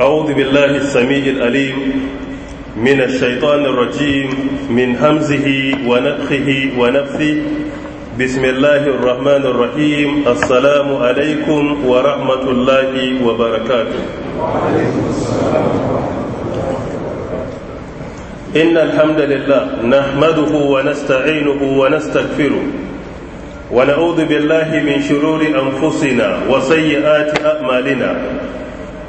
أعوذ بالله السميع الأليم من الشيطان الرجيم من همزه ونفخه ونفثه بسم الله الرحمن الرحيم السلام عليكم ورحمة الله وبركاته وعليكم السلام إن الحمد لله نحمده ونستعينه ونستغفره ونعوذ بالله من شرور أنفسنا وسيئات أعمالنا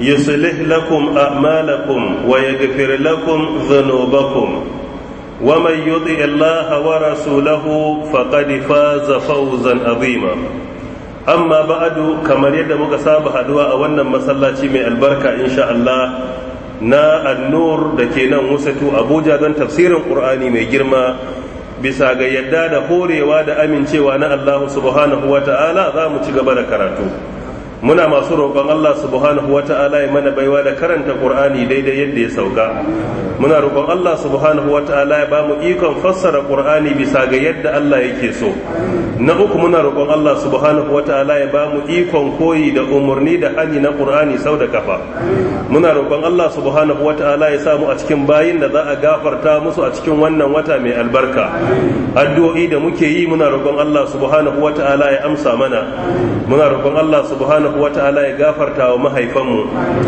يصلح لكم أعمالكم ويغفر لكم ذنوبكم ومن يطع الله ورسوله فقد فاز فوزا عظيما أما بعد كما يد مكساب هدوء أولا مسلاتي من البركة إن شاء الله نا النور دكينا موسى أبو دون تفسير القرآن من جرما bisa ga yadda da horewa شوانا الله سبحانه وتعالى subhanahu wa كراتو muna masu roƙon Allah subhanahu wa ta'ala ya mana baiwa da karanta Qur'ani daidai yadda ya sauka muna roƙon Allah subhanahu wa ta'ala ya bamu ikon fassara Qur'ani bisa ga yadda Allah yake so na uku muna roƙon Allah subhanahu wa ta'ala ya bamu ikon koyi da umarni da hani na Qur'ani sau da kafa muna roƙon Allah subhanahu wa ta'ala ya samu a cikin bayin da za a gafarta musu a cikin wannan wata mai albarka addu'o'i da muke yi muna roƙon Allah subhanahu wa ta'ala ya amsa mana muna roƙon Allah subhanahu subhanahu wa ta'ala ya gafarta wa mahaifanmu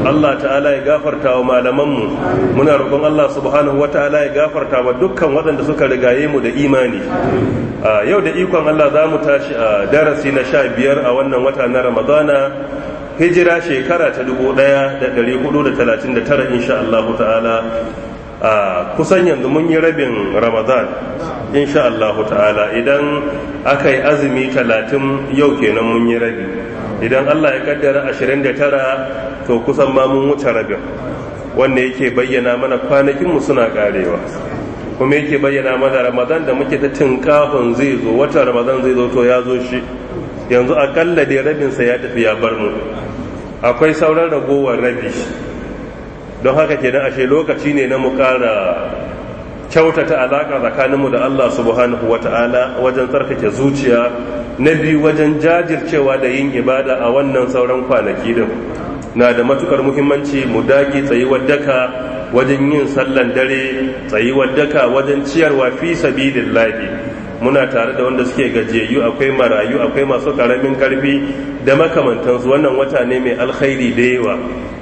Allah ta'ala ya gafarta wa malamanmu muna roƙon Allah subhanahu wa ta'ala ya gafarta wa dukkan waɗanda suka rigaye mu da imani yau da ikon Allah za mu tashi a darasi na sha biyar a wannan wata na ramadana hijira shekara ta dubu ɗaya da ɗari hudu da talatin da tara insha Allah ta'ala kusan yanzu mun yi rabin ramadan insha Allah ta'ala idan aka yi azumi talatin yau kenan mun yi rabi idan Allah ya kaddara 29 to kusan ma mun wuce rabin wanda yake bayyana mana kwanakin mu suna karewa kuma yake bayyana mana ramadan da muke ta tinkafin zai zo wata ramadan zai zo to ya zo shi yanzu akalla dai rabin sa ya tafi ya bar mu akwai sauran ragowar rabi don haka ke kenan ashe lokaci ne na mu kara kyautata alaka tsakaninmu da Allah subhanahu wata'ala wajen tsarkake zuciya na biyu wajen jajircewa da yin ibada a wannan sauran kwanaki din na da matukar muhimmanci mu dage tsayuwar daka wajen yin sallan dare tsayuwar daka wajen ciyarwa fi sabilillahi muna tare da wanda suke gajiyayyu akwai marayu akwai masu karamin karfi da makamantansu wannan wata ne mai alkhairi da yawa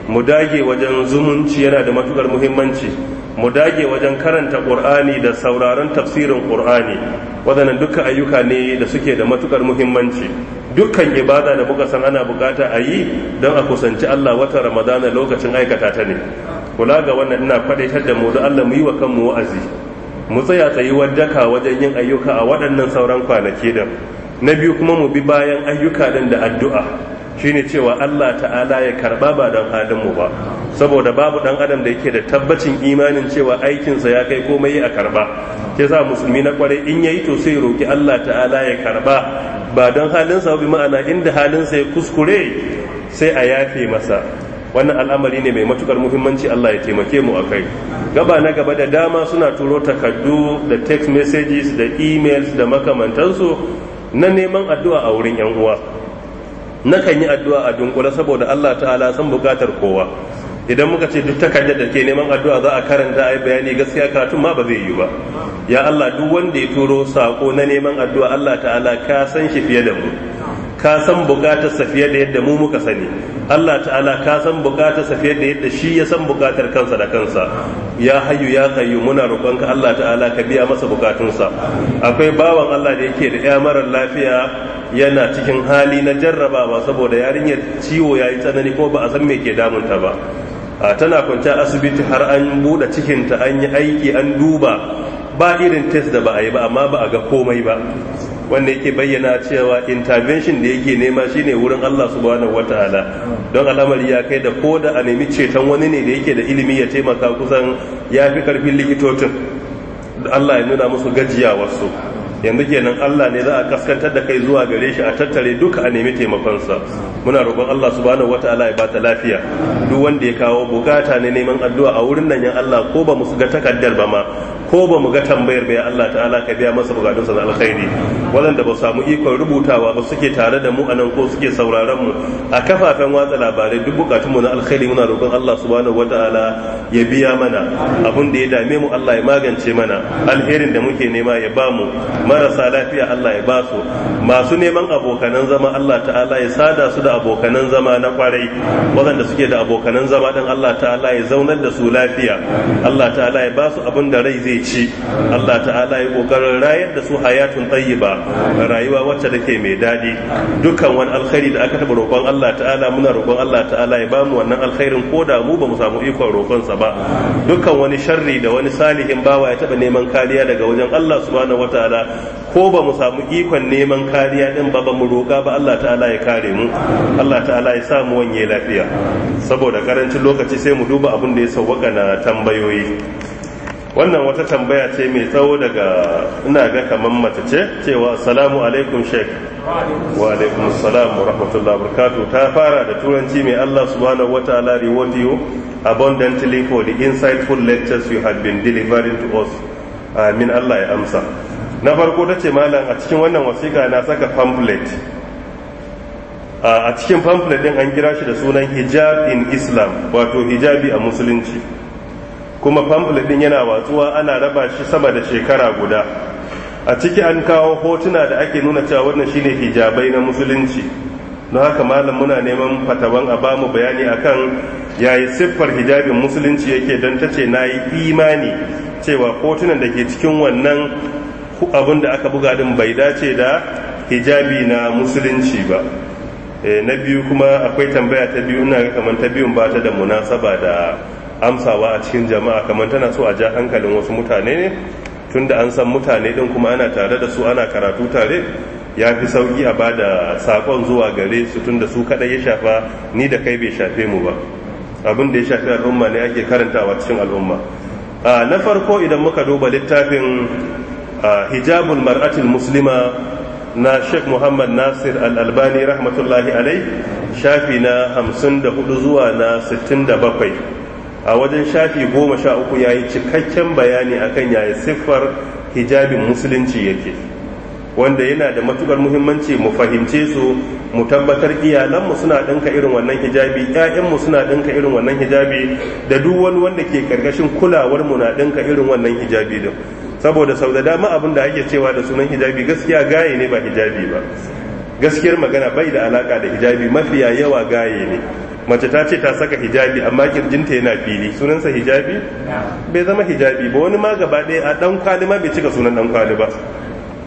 mu dage wajen zumunci yana da matukar muhimmanci mu dage wajen karanta qur'ani da sauraron tafsirin qur'ani waɗannan dukkan ayyuka ne da suke da matukar muhimmanci dukkan ibada da muka san ana bukata a yi don a kusanci Allah wata ramadana lokacin aikata ta ne kula ga wannan ina faɗaitar da mu da Allah mu yi wa kanmu wa'azi mu tsaya tsayuwar daka wajen yin ayyuka a waɗannan sauran kwanaki da na biyu kuma mu bi bayan ayyuka din da addu'a shine cewa Allah ta'ala ya karɓa ba don halin mu ba saboda babu dan adam da yake da tabbacin imanin cewa aikinsa ya kai komai a karba ke sa musulmi na kwarai in yayi to sai roki Allah ta'ala ya karba ba don halinsa bi ma'ana inda halin sa ya kuskure sai a yafe masa wannan al'amari ne mai matukar muhimmanci Allah ya taimake mu akai gaba na gaba da dama suna turo takardu da text messages da emails da makamantansu na neman addu'a a wurin yan uwa na kan yi addu'a a dunkule saboda Allah ta'ala san bukatar kowa idan muka ce duk takardar da ke neman addu'a za a karanta a yi bayani gaskiya karatun ma ba zai yi ba ya Allah duk wanda ya turo sako na neman addu'a Allah ta'ala ka san shi fiye da mu ka san bukatarsa fiye da yadda mu muka sani Allah ta'ala ka san bukatarsa fiye da yadda shi ya san bukatar kansa da kansa ya hayyu ya kayyu muna ka Allah ta'ala ka biya masa bukatunsa akwai bawan Allah da yake da ya marar lafiya yana cikin hali na jarrabawa saboda yarinyar ciwo yayi tsanani ko ba a san me ke damunta ba tana kwanta asibiti har an buɗe cikinta an yi aiki an duba ba irin test da ba a yi ba amma ba a ga komai ba wanda yake bayyana cewa intervention da yake nema shine wurin Allah subhanahu wataala don al'amari ya kai da ko da a nemi ceton wani ne da yake da ilimi ya taimaka kusan ya fi karfin likitocin Allah ya nuna musu gajiyawarsu yanzu kenan Allah ne za a kaskantar da kai zuwa gare shi a tattare duka a nemi taimakonsa muna roƙon Allah subhanahu wataala ya bata lafiya duk wanda ya kawo bukata ne neman addu'a a wurin nan ya Allah ko ba mu ga takaddar ba ma ko ba mu ga tambayar ya Allah ta'ala ka biya masa bukatunsa na alkhairi waɗanda ba su samu ikon rubutawa ba suke tare da mu a nan ko suke sauraron mu a kafafen watsa labarai duk bukatun mu na alkhairi muna roƙon Allah subhanahu wataala ya biya mana abun da ya dame mu Allah ya magance mana alherin da muke nema ya ba mu marasa lafiya Allah ya ba su masu neman abokanan zama Allah ta'ala ya sada su da abokanan zama na kwarai waɗanda suke da abokanan zama ɗin Allah ta'ala ya zaunar da su lafiya Allah ta'ala ya ba su abin da rai zai ci Allah ta'ala ya ƙoƙarin rayar da su hayatun tayyiba rayuwa wacce take mai daɗi dukkan wani alkhairi da aka taɓa roƙon Allah ta'ala muna roƙon Allah ta'ala ya ba mu wannan alkhairin ko da mu ba mu samu ikon roƙonsa ba dukkan wani sharri da wani salihin bawa ya taɓa neman kariya daga wajen Allah subhanahu wataala ko ba mu samu ikon neman kariya din ba ba mu roƙa ba Allah ta'ala ya kare mu Allah ta'ala ya sa mu wanye lafiya saboda karancin lokaci sai mu duba abin da ya sauwaka na tambayoyi wannan wata tambaya ce mai tsawo daga ina ga kaman mace ce cewa assalamu alaikum sheik wa alaikum assalam wa rahmatullahi barakatuh ta fara da turanci mai Allah subhanahu ta'ala reward you abundantly for the insightful lectures you have been delivering to us amin Allah ya amsa na farko ta ce malam a cikin wannan wasiƙa na saka pamphlet a cikin pamphlet din an kira shi da sunan hijab in islam wato hijabi a musulunci kuma pamphlet din yana watsuwa ana raba shi sama da shekara guda a ciki an kawo hotuna da ake nuna cewa wannan shine hijabai na musulunci don haka malam muna neman fataban a bamu bayani akan yayi siffar hijabin musulunci yake don ta ce na yi imani cewa hotunan da ke cikin wannan abin da aka buga din bai dace da hijabi na musulunci ba eh, na biyu kuma akwai tambaya ta biyu ina kamar ta biyun bata da munasaba da amsawa a cikin jama'a kamar tana so a ja hankalin wasu mutane ne tunda an san mutane din kuma ana tare da su ana karatu tare ya fi sauki a ba da sakon zuwa gare su tunda su kaɗai ya shafa ni da kai bai shafe mu ba abin da ya shafi al'umma ne ake karantawa cikin al'umma ah, na farko idan muka duba littafin hijabul mar'atul muslima na sheikh muhammad nasir al-albani rahmatullahi alai shafi na 54 zuwa na 67 a wajen shafi 13 ya yi cikakken bayani akan yaya siffar hijabin musulunci yake wanda yana da matukar muhimmanci mu fahimce su mu tabbatar iyalanmu suna ɗinka irin wannan hijabi ƴaƴanmu suna ɗinka irin wannan hijabi da duk wani wanda ke karkashin kulawarmu na ɗinka irin wannan hijabi din saboda sau da dama abin da ake cewa da sunan hijabi gaskiya gaye ne ba hijabi ba gaskiyar magana bai da alaka da hijabi mafiya yawa gaye ne mace ta ce ta saka hijabi amma kirjinta yana fili sunansa hijabi bai zama hijabi ba wani ma gaba ɗaya a ɗan kwali ma bai cika sunan ɗan kwali ba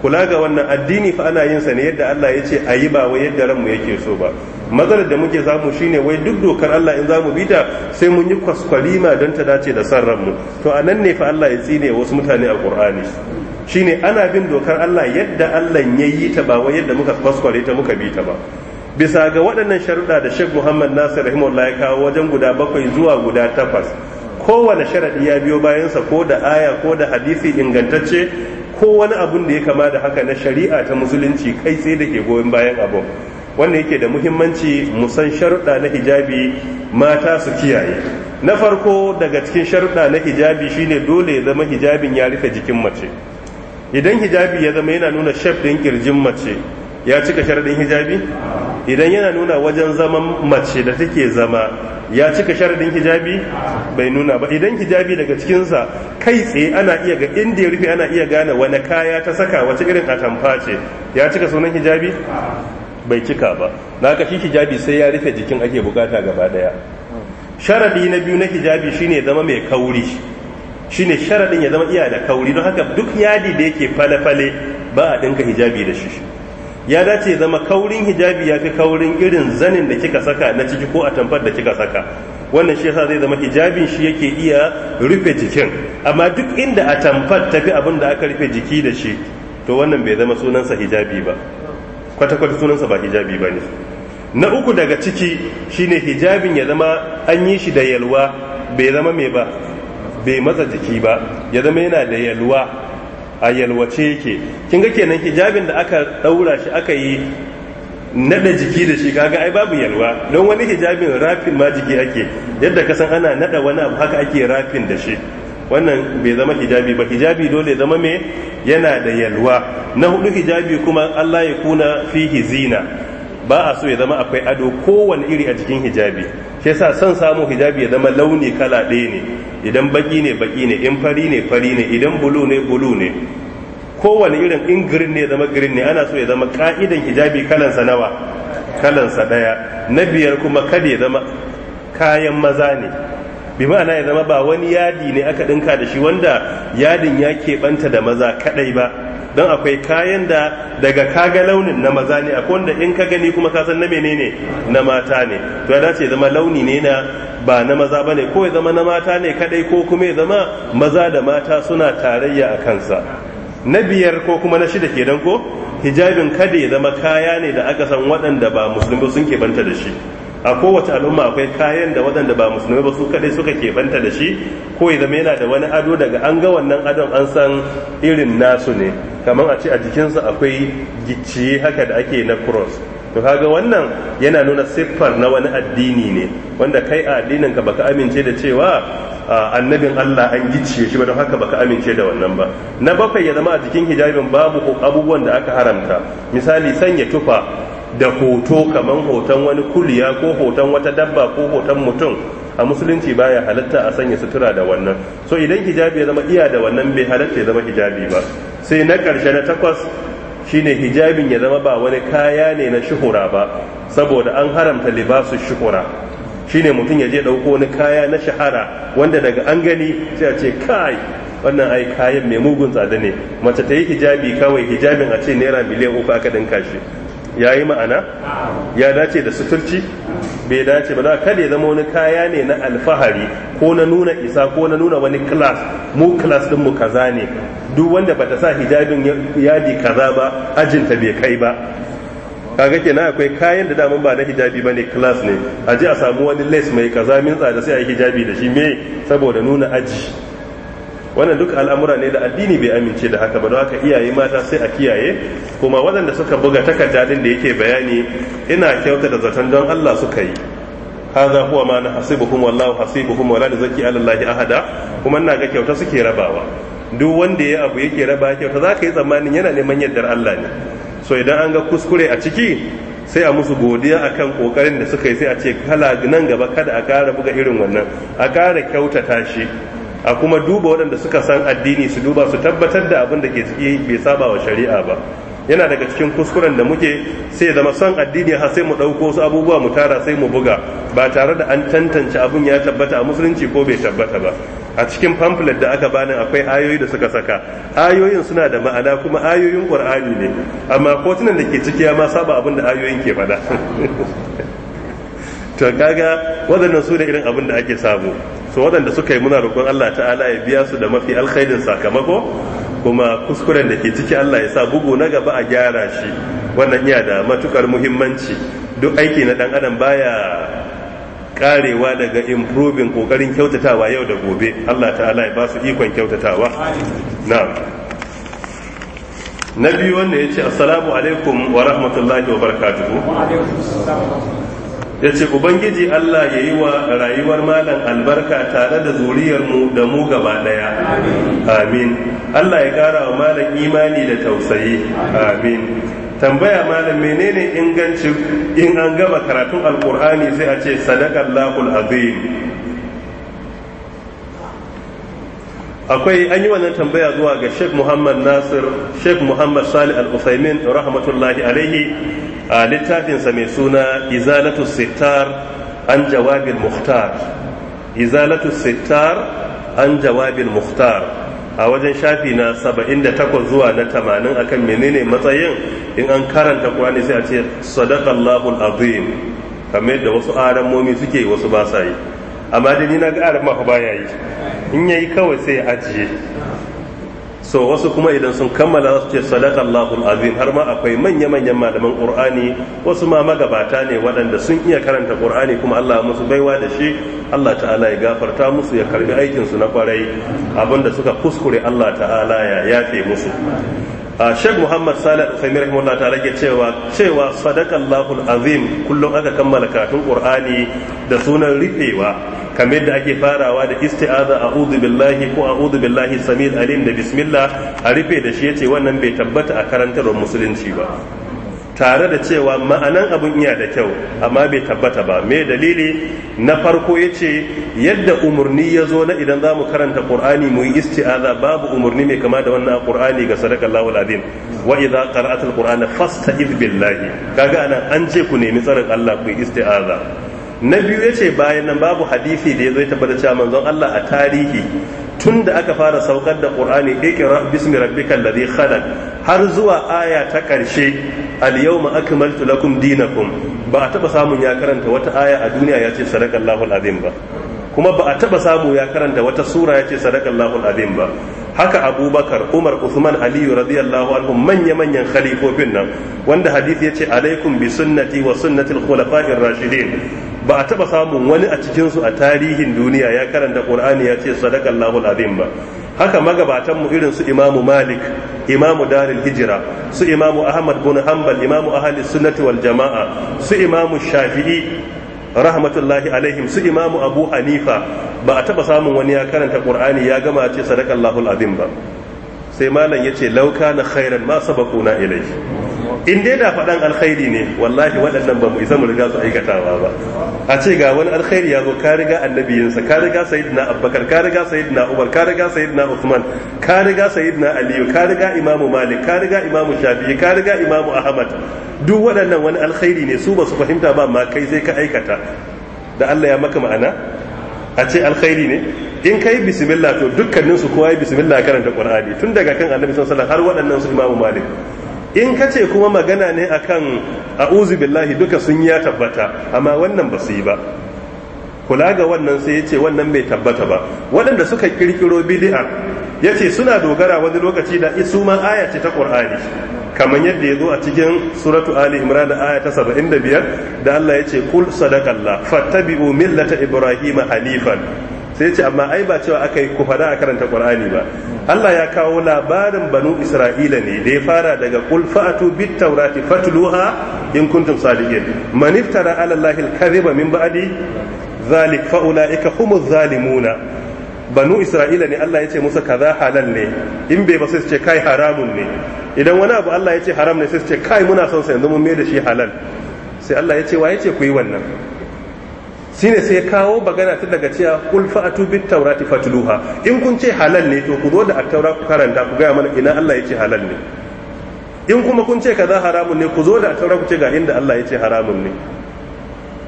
kula ga wannan addini fa ana yin sa ne yadda Allah ya ce a yi ba wai yadda ranmu yake so ba matsalar da muke samu shine wai duk dokar Allah in zamu bi ta sai mun yi ma don ta dace da san ranmu to a nan ne fa Allah ya tsine wasu mutane a Qur'ani shine ana bin dokar Allah yadda Allah ya yi ta ba wai yadda muka kwaskware ta muka bi ta ba bisa ga waɗannan sharuɗa da Sheikh Muhammad Nasir rahimahullah ya kawo wajen guda bakwai zuwa guda takwas kowane sharaɗi ya biyo bayansa ko da aya ko da hadisi ingantacce ko wani abun da ya kama da haka na shari'a ta musulunci kai sai da ke goyon bayan abu. wannan yake da muhimmanci musan sharuɗa na hijabi mata su kiyaye na farko daga cikin sharuɗa na hijabi shine dole ya zama hijabin ya rufe jikin mace idan hijabi ya zama yana nuna shaf ɗin kirjin mace ya cika sharaɗin hijabi idan yana nuna wajen zaman mace da take zama ya cika sharaɗin hijabi bai nuna ba idan hijabi daga cikinsa kai tsaye ana iya ga inda ya rufe ana iya gane wani kaya ta saka wace irin atamfa ce ya cika sunan hijabi bai cika ba na ka shi hijabi sai ya rufe jikin ake bukata gaba daya sharadi na biyu na hijabi shine zama mai kauri shine sharadin ya zama iya da kauri don haka duk yadi da yake fale-fale ba a dinka hijabi da shi ya dace zama kaurin hijabi ya fi kaurin irin zanin da kika saka na ciki ko atamfar da kika saka wannan shi yasa zai zama hijabin shi yake iya rufe jikin amma duk inda atamfar tamfar tafi abin da aka rufe jiki da shi to wannan bai zama sunansa hijabi ba kwata-kwata sunansa ba hijabi ba ne na uku daga ciki shine hijabin ya zama an yi shi da yalwa bai zama mai ba bai matsa jiki ba ya zama yana da yalwa a yalwace yake kin ga kenan hijabin da aka daura shi aka yi nada jiki da shi kaga ai babu yalwa don wani hijabin rafin ma jiki ake yadda ka san ana nada wani abu haka ake rafin da shi wannan bai zama hijabi ba hijabi dole zama me yana da yalwa na hudu hijabi kuma Allah ya kuna fihi zina ba a so ya zama akwai ado kowane iri a jikin hijabi shi yasa son samu hijabi ya zama launi kala ɗaya ne idan baki ne baki ne in fari ne fari ne idan bulu ne bulu ne kowane irin in green ne zama green ne ana so ya zama ka'idan hijabi kalansa nawa kalansa ɗaya na biyar kuma kada ya zama kayan maza ne bi ma'ana ya zama ba wani yadi ne aka dinka da shi wanda yadin ya banta da maza kaɗai ba don akwai kayan da daga kaga launin na maza ne akwai wanda in ka gani kuma ka san na menene na mata ne to ya dace zama launi ne na ba na maza ba ne ko ya zama na mata ne kaɗai ko kuma ya zama maza da mata suna tarayya a kansa na biyar ko kuma na shida kenan ko hijabin kada ya zama kaya ne da aka san waɗanda ba musulmi sun banta da shi a kowace al'umma akwai kayan da waɗanda ba musulmi ba su kaɗai suka banta da shi ko ya zama yana da wani ado daga an ga wannan adon an san irin nasu ne kamar a ce a jikinsa akwai gicciye haka da ake na cross to kaga wannan yana nuna siffar na wani addini ne wanda kai a addinin ka baka amince da cewa annabin Allah an gicciye shi ba don haka baka amince da wannan ba na bakwai ya zama a jikin hijabin babu abubuwan da aka haramta misali sanya tufa da hoto kamar hoton wani kuliya ko hoton wata dabba ko hoton mutum a musulunci baya halatta a sanya sutura da wannan so idan hijabi ya zama iya da wannan bai halatta ya zama hijabi ba sai na karshe na takwas shine hijabin ya zama ba wani kaya ne na shuhura ba saboda an haramta libasu shuhura shine mutum ya je ɗauko wani kaya na shahara wanda daga an gani sai a ce kai wannan ai kayan mai mugun tsada ne mace ta yi hijabi kawai hijabin a ce naira miliyan uku aka dinka shi ya yi ma'ana ya dace da suturci bai dace ba za kada ya zama wani kaya ne na alfahari ko na nuna isa ko na nuna wani class mu class din mu kaza ne duk wanda bata sa hijabin yadi kaza ba ajinta bai kai ba kaga kenan akwai kayan da daman ba na hijabi ba ne class ne a ji a samu wani lace mai kaza min tsada sai a yi hijabi da shi me saboda nuna aji wannan duk al'amura ne da addini bai amince da haka ba don haka iyaye mata sai a kiyaye kuma waɗanda suka buga takarda din da yake bayani ina kyauta da zaton don Allah suka yi hadha huwa ma nahsibuhum wallahu hasibuhum wala nuzaki ala allahi ahada kuma ina ga kyauta suke rabawa duk wanda ya abu yake raba kyauta zaka yi tsammanin yana neman yardar Allah ne so idan an ga kuskure a ciki sai a musu godiya akan kokarin da suka yi sai a ce kala nan gaba kada a ƙara buga irin wannan a ƙara kyautata shi a kuma duba waɗanda suka san addini su duba su tabbatar da abin da ke ciki bai saba wa shari'a ba yana daga cikin kuskuren da muke sai zama son addini har sai mu ɗauko su abubuwa mu tara sai mu buga ba tare da an tantance abin ya tabbata a musulunci ko bai tabbata ba a cikin pamphlet da aka bani akwai ayoyi da suka saka ayoyin suna da ma'ana kuma ayoyin qur'ani ne amma kotunan da ke ciki ma saba abin da ayoyin ke faɗa to kaga waɗannan su da irin abin da ake samu so waɗanda suka yi muna roƙon Allah ta'ala ya biya su da mafi alkhairin sakamako kuma kuskuren da ke ciki Allah ya sa bugu na gaba a gyara shi wannan iya da matukar muhimmanci duk aiki na dan adam baya karewa daga improving kokarin kyautatawa yau da gobe Allah ta'ala ya ba su ikon kyautatawa na'am na biyu wanda ya ce assalamu alaikum wa rahmatullahi wa barakatuhu ya ce ubangiji allah ya yi wa rayuwar malam albarka tare da zuriyar mu da mu gaba daya amin allah ya kara wa malam imani da tausayi amin tambaya malam menene ingancin in an gama karatun alkur'ani sai a ce lahul azim akwai an yi wannan tambaya zuwa ga sheikh muhammad nasir sheikh muhammad salih al-usaimin rahmatullahi alaihi a littafinsa mai suna izalatu sittar an jawabin muhtar izalatu sittar an jawabin muhtar a wajen shafi na 78 zuwa na 80 akan menene matsayin in an karanta qur'ani sai a ce sadaqallahu al-azim kamar yadda wasu aramomi suke wasu ba sa yi amma da ni na ga arama fa baya yi in yayi kawai sai ya ajiye so wasu kuma idan sun kammala su ce sadaka Allahul azim har ma akwai manya-manyan malaman Qur'ani wasu ma magabata ne waɗanda sun iya karanta Qur'ani kuma Allah musu baiwa da shi Allah ta'ala ya gafarta musu ya karbi aikin su na kwarai abinda suka kuskure Allah ta'ala ya yafe musu Sheikh Muhammad Salih Al-Uthaymeen rahimahullah ta'ala ke cewa cewa sadaqallahu azim kullum aka kammala karatun Qur'ani da sunan rifewa kamar da ake farawa da isti'aza a'udhu billahi ko a'udhu billahi samil alim da bismillah a rife da shi yace wannan bai tabbata a karantarwar musulunci ba tare da cewa ma'anan abun iya da kyau amma bai tabbata ba me dalili na farko ya ce yadda umarni ya zo na idan zamu karanta qur'ani mu yi isti'aza babu umarni mai kama da wannan qur'ani ga sadaka Allahu alazim wa idza qara'at alqur'ana fasta'iz billahi kaga anan an ce ku nemi tsarin Allah ku yi isti'aza na biyu ya ce bayan nan babu hadisi da ya zo ya tabbata cewa manzon Allah a tarihi tun da aka fara saukar da qur'ani iqra bismi rabbikal ladhi khalaq har zuwa aya ta ƙarshe. al-yawma akmaltu lakum dinakum ba a taba samun ya karanta wata aya a duniya ya ce sadaqallahu al-azim ba kuma ba a taba samu ya karanta wata sura ya ce sadaqallahu al-azim ba haka abubakar umar usman aliyu radiyallahu anhum manya-manyan khalifofin nan wanda hadith ya ce alaikum bi sunnati wa sunnatil khulafa'ir rashidin ba a taba samun wani a cikinsu a tarihin duniya ya karanta qur'ani ya ce sadaqallahu azim ba haka magabatanmu irin su imamu malik imamu daril hijira su imamu ahmad bin hanbal imamu ahli sunnati wal jama'a su imamu shafi'i rahmatullahi alaihim su imamu abu hanifa ba a taba samun wani ya karanta qur'ani ya gama ce sadaqallahu alazim ba sai malam yace lauka na khairan ma sabaquna ilai. in dai da faɗan alkhairi ne wallahi waɗannan ba mu isa mu riga su aikatawa ba a ce ga wani alkhairi ya zo ka riga annabiyinsa ka riga sayyidina abbakar ka riga sayyidina umar ka riga sayyidina usman ka riga sayyidina aliyu ka riga imamu malik ka riga imamu shafi'i ka riga imamu ahmad duk waɗannan wani alkhairi ne su ba su fahimta ba ma kai sai ka aikata da Allah ya maka ma'ana a ce alkhairi ne in kai bismillah to su kowa ya bismillah karanta qur'ani tun daga kan annabi sallallahu alaihi wasallam har waɗannan su imamu malik in ka ce kuma magana ne akan a'udhu billahi duka sun ya tabbata amma wannan ba su yi ba kula ga wannan sai ya ce wannan bai tabbata ba waɗanda suka kirkiro bidi'a ya ce suna dogara wani lokaci da isu ma aya ce ta ƙur'ani kamar yadda ya zo a cikin suratu ali imran aya ta saba'in da biyar da Allah ya ce kul sadakallah fattabi'u millata Ibrahim hanifan sai ce amma ai ba cewa aka yi ku a karanta qur'ani ba Allah ya kawo labarin banu isra'ila ne da ya fara daga qul fa'atu bit tawrati fatluha in kuntum sadiqin man iftara ala allahi al-kadhiba min ba'di zalik fa ulaika humuz zalimuna banu isra'ila ne Allah ya ce musu kaza halal ne in bai ba sai su ce kai haramun ne idan wani abu Allah ya ce haram ne sai su ce kai muna son sa yanzu mun mai da shi halal sai Allah ya ce wa ya ce ku yi wannan Shi ne sai kawo magana ta daga cewa kulfa a fa'atu taura ta fatiluha in kun ce halal ne to ku zo da a taura ku karanta ku gaya mana ina Allah ya ce halal ne in kuma kun ce kaza haramun ne ku zo da a taura ku ce ga inda Allah ya ce haramun ne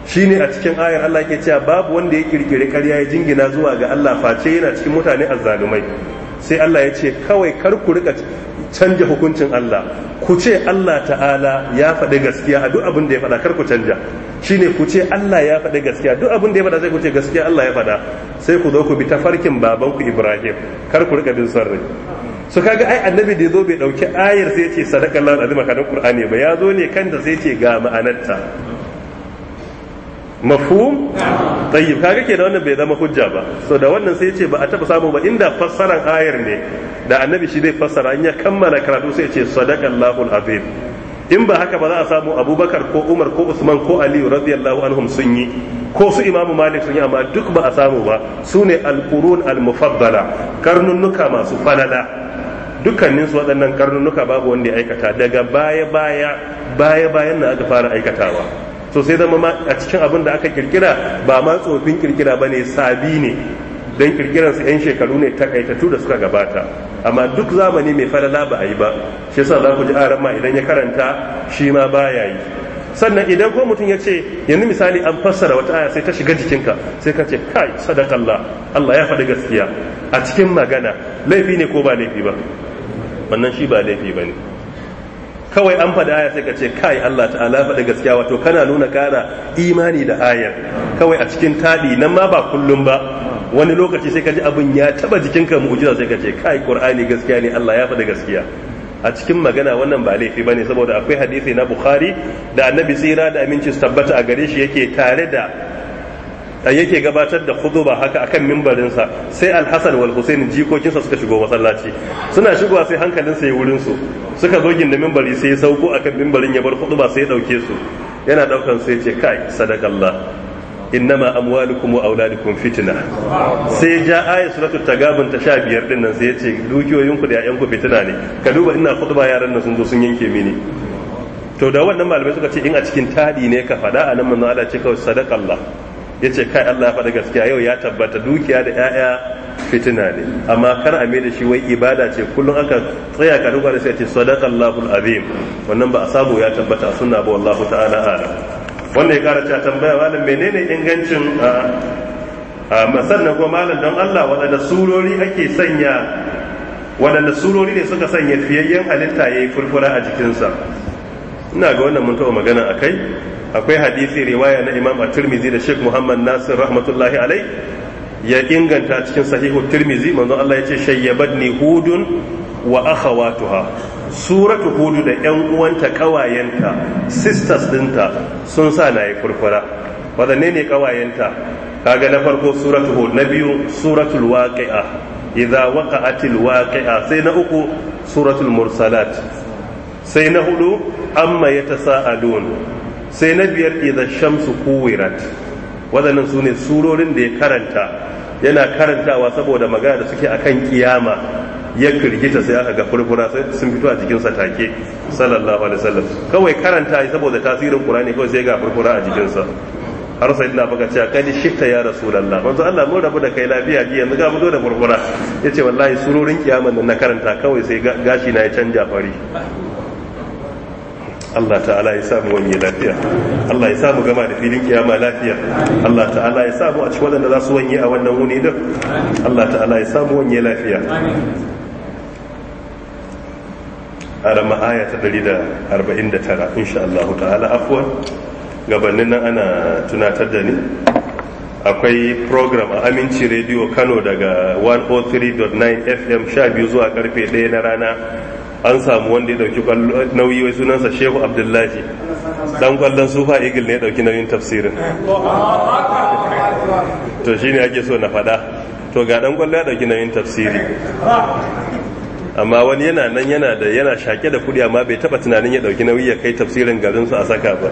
Shi ne a cikin ayar Allah ke cewa babu wanda ya kirkiri karya ya jingina zuwa ga Allah face yana cikin mutane azzalumai sai Allah ya ce kawai kar ku rika canja hukuncin Allah ku ce Allah ta'ala ya faɗi gaskiya a duk abin da ya faɗa kar ku canja Shi ne ku ce Allah ya faɗi gaskiya duk abin da ya faɗa sai ku ce gaskiya Allah ya faɗa sai ku zo ku bi tafarkin babanku Ibrahim kar ku riƙa bin sarri. su kaga ai annabi da ya zo bai ɗauki ayar sai ce ce lalata alazim kana ƙur'ani ba ya zo ne kan da sai ce ga ma'anarta mafhum tayyib kaga ke da wannan bai zama hujja ba so da wannan sai ce ba a taba samu ba inda fassaran ayar ne da annabi shi zai fassara in ya kammala karatu sai ce sadaqallahu alazim in ba haka ba za a samu abubakar ko umar ko usman ko aliyu radiyallahu anhum sun yi ko su imamu malik sun yi amma duk ba a samu ba su ne alqurun almufaddala karnunnuka masu falala dukkanin su waɗannan karnunnuka babu wanda ya aikata daga baya baya baya bayan na aka fara aikatawa so sai zama a cikin abin da aka kirkira ba ma tsofin kirkira ba ne sabi ne don kirkiransu 'yan shekaru ne takaitattu da suka gabata amma duk zamani mai falala ba a yi ba shi sa za ku ji aran ma idan ya karanta shi ma baya yi sannan idan ko mutum ya ce yanzu misali an fassara wata aya sai ta shiga jikinka sai ka ce kai sadakallah Allah ya faɗi gaskiya a cikin magana laifi ne ko ba laifi ba wannan shi ba laifi ba ne kawai an faɗi aya sai ka ce kai Allah ta'ala faɗi gaskiya wato kana nuna ƙara imani da ayar kawai a cikin taɗi nan ma ba kullum ba wani lokaci sai ka ji abin ya taɓa ka mu'jiza sai ka ce kai Qur'ani gaskiya ne Allah ya faɗi gaskiya a cikin magana wannan ba laifi bane saboda akwai hadisi na Bukhari da Annabi tsira da aminci tabbata a gare shi yake tare da yake gabatar da khutuba haka akan mimbarinsa sai alhassan wal husaini jikokinsa suka shigo masallaci suna shigowa sai sa ya wurin su suka zo ginda mimbari sai sauko akan mimbarin ya bar khutuba sai ya dauke su yana daukan sai ce kai sadakallah innama amwalukum wa auladukum fitna sai ja aya suratul tagabun ta sha biyar din nan sai ya ce ku da ku fitna ne ka duba ina khutuba yaran nan sun zo sun yanke mini to da wannan malamai suka ce in a cikin tadi ne ka faɗa a nan manzo Allah ce kawai sadakallah ya ce kai Allah faɗa gaskiya yau ya tabbata dukiya da 'ya'ya fitina ne amma kar a da shi wai ibada ce kullum aka tsaya ka duba da sai ce Allahul azim wannan ba a samu ya tabbata a sunna ba wallahu ta'ala ala wannan ya kara tambaya malam menene ingancin a sannan kuma malam don Allah waɗanda surori ake sanya waɗanda surori ne suka sanya fiyayyen halitta yi furfura a jikinsa ina ga wannan mun taɓa magana a kai akwai hadisi riwaya na imam a turmizi da sheikh muhammad nasir rahmatullahi alai ya inganta cikin sahihu turmizi. manzon Allah ya ce ni hudun wa akhawatuha suratu hudu da yan uwanta kawayenta sisters dinta sun sa na yi furfura wadanne ne kawayenta kaga na farko suratu hud na biyu suratul waqi'a idza waqa'atil waqi'a sai na uku suratul mursalat sai na hudu amma ya ta sa'alun sai na biyar idan shamsu kuwirat waɗannan su ne surorin da ya karanta yana karantawa saboda magana da suke akan kiyama ya kirgita sai aka ga furfura sun fito a jikinsa take sallallahu alaihi wasallam kawai karanta shi saboda tasirin qur'ani kawai sai ga furfura a jikinsa har sai ina baka cewa kai shifta ya rasulullah manzo Allah mun rabu da kai lafiya ji yanzu ga mu zo da furfura yace wallahi surorin kiyaman nan na karanta kawai sai gashi na ya canja fari Allah ta'ala ya samu wani lafiya Allah ya samu gama da filin kiyama lafiya Allah ta'ala ya samu a cikin wadanda za su wanye a wannan wuni din Allah ta'ala ya samu wani lafiya a rama aya ta 149 insha Allah ta'ala Afuwa. gabanin nan ana tunatar da ni akwai program a aminci radio kano daga 103.9 fm 12 zuwa karfe 1 na rana an samu wanda ya dauki nauyi wai sunansa shehu abdullahi dan kwallon sufa eagle ne ya dauki nauyin tafsirin to shine ake so na fada to ga dan kwallo ya dauki nauyin tafsiri amma wani yana nan yana da yana shake da kudi amma bai taba tunanin ya dauki nauyi ya kai tafsirin garin su a saka ba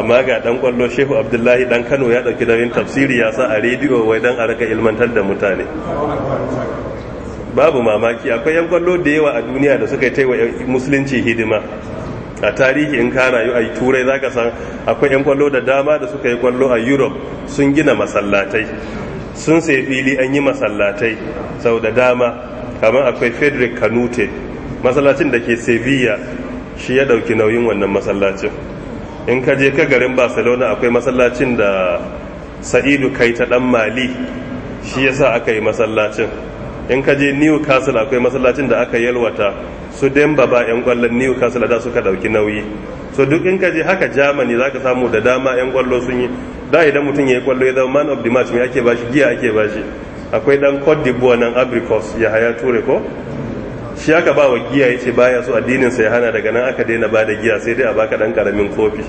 amma ga dan kwallo shehu abdullahi dan kano ya dauki nauyin tafsiri ya sa a rediyo wai dan a raka ilmantar da mutane babu mamaki akwai yan kwallo da yawa a duniya da suka yi wa musulunci hidima a tarihi in ka rayu a turai za ka san akwai yan kwallo da dama da suka yi kwallo a europe sun gina masallatai sun sai fili an yi masallatai sau da dama kamar akwai frederick canute masallacin da ke sevilla shi ya dauki nauyin wannan masallacin in ka je ka garin barcelona akwai masallacin da sa'idu kai ta dan mali shi yasa aka yi masallacin in ka je newcastle akwai masallacin da aka yalwata su demba ba 'yan kwallon newcastle da suka dauki nauyi so duk in ka je haka germany za ka samu da dama 'yan kwallo sun yi da idan mutum ya yi kwallo ya zama man of the match mai ake bashi giya ake bashi akwai dan cote d'ivoire nan abricos ya haya ture ko shi aka ba wa giya ya ce baya so addinin sai hana daga nan aka daina ba da giya sai dai a baka dan karamin kofi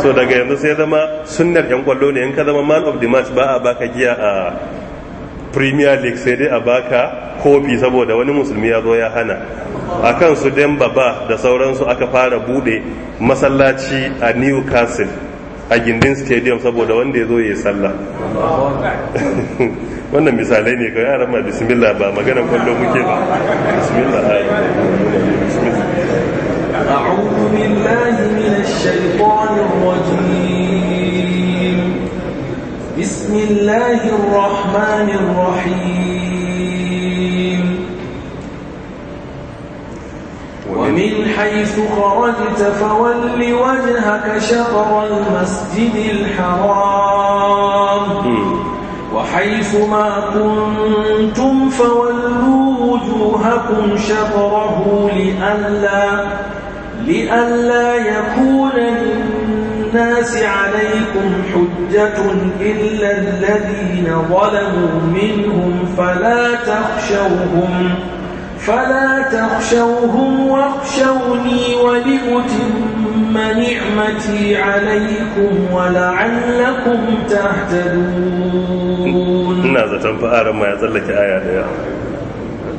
so daga yanzu sai zama sunnar yan kwallo ne in ka zama man of the match ba a baka giya a premier league sai dai a baka kofi saboda wani musulmi ya zo ya hana a kan su demba ba da sauransu aka fara bude masallaci a newcastle a gindin stadium saboda wanda ya zo ya yi sallah wannan misalai ne kawai yaran ma bismillah ba maganan kwallo muke ba bismillah أعوذ بالله من الشيطان الرجيم بسم الله الرحمن الرحيم ومن حيث خرجت فول وجهك شطر المسجد الحرام وحيث ما كنتم فولوا وجوهكم شطره لئلا لئلا يكون الناس عليكم حجة إلا الذين ظلموا منهم فلا تخشوهم فلا تخشوهم واخشوني ولأتم نعمتي عليكم ولعلكم تهتدون. نازل تنفأر ما يزلك آية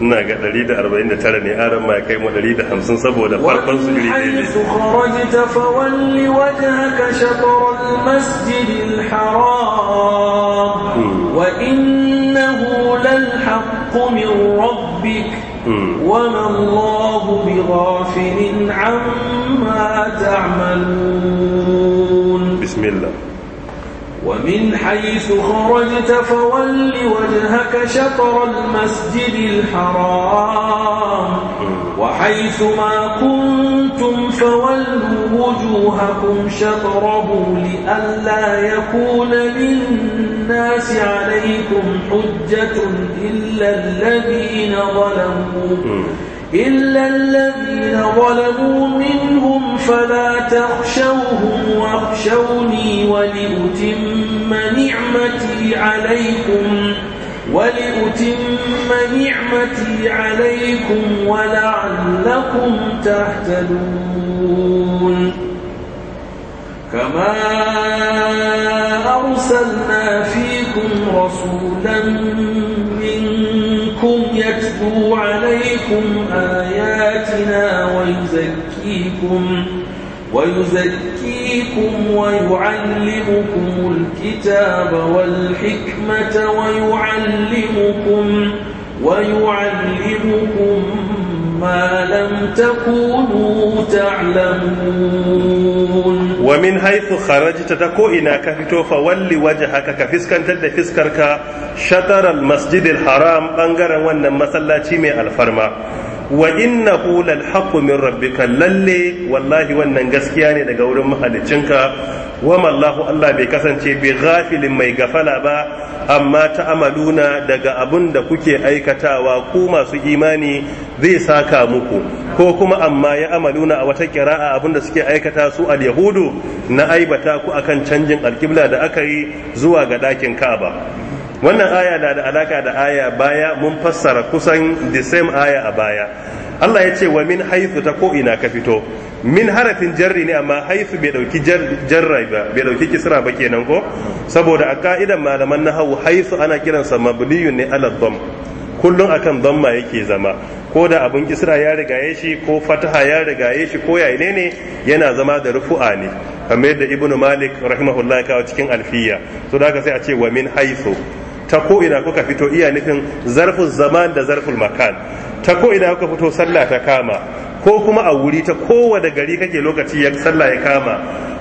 ina ga 149 ne aran ma kai mu 150 saboda farkon su iri ɗaya ne kharajta fawalli wajhaka shatr al-masjid al-haram wa innahu lal haqq min rabbik وما الله بغافل عما تعملون بسم ومن حيث خرجت فول وجهك شطر المسجد الحرام وحيث ما كنتم فولوا وجوهكم شطره لئلا يكون للناس عليكم حجة إلا الذين ظلموا إلا الذين ظلموا منهم فلا تخشوهم واخشوني ولأتم نعمتي عليكم ولأتم نعمتي عليكم ولعلكم تهتدون كما أرسلنا فيكم رسولا نتلو عليكم آياتنا ويزكيكم ويزكيكم ويعلمكم الكتاب والحكمة ويعلمكم ويعلمكم ما ما لم تكونوا تعلمون ومن حيث خرجت تكو إنا كفتو فولي وجهك كفسكن تد فسكرك شطر المسجد الحرام بانغرا وانا مسلاتي مي الفرما wa hu lal haqqu min rabbika lalle wallahi wannan gaskiya ne daga wurin mahaliccinka wa mallahu Allah bai kasance bi ghafilin mai gafala ba amma ta'amaluna daga abun da kuke aikatawa ku masu imani zai saka muku ko kuma amma ya amaluna a wata kira'a abun da suke aikata su al yahudu na aibata ku akan canjin alkibla da aka yi zuwa ga dakin Ka'aba wannan aya na da alaka da aya baya mun fassara kusan the same aya a baya Allah ya ce wa min haithu ta ko ina ka fito min harafin jarri ne amma haithu bai dauki jarra ba bai dauki kisra ba kenan ko saboda a ka'idan malaman na hau haithu ana kiransa mabniyun ne ala kullum akan dhamma yake zama ko da abun kisra ya rigaye shi ko fataha ya rigaye shi ko yayi ne ne yana zama da rufu'a ne kamar yadda ibnu malik rahimahullah ya kawo cikin alfiya to da haka sai a ce wa min haythu ta ko ina kuka fito iya nufin zarfin zaman da zarfin makan ta ko ina kuka fito sallah ta kama ko kuma a wuri ta kowane gari kake lokaci ya sallah ya kama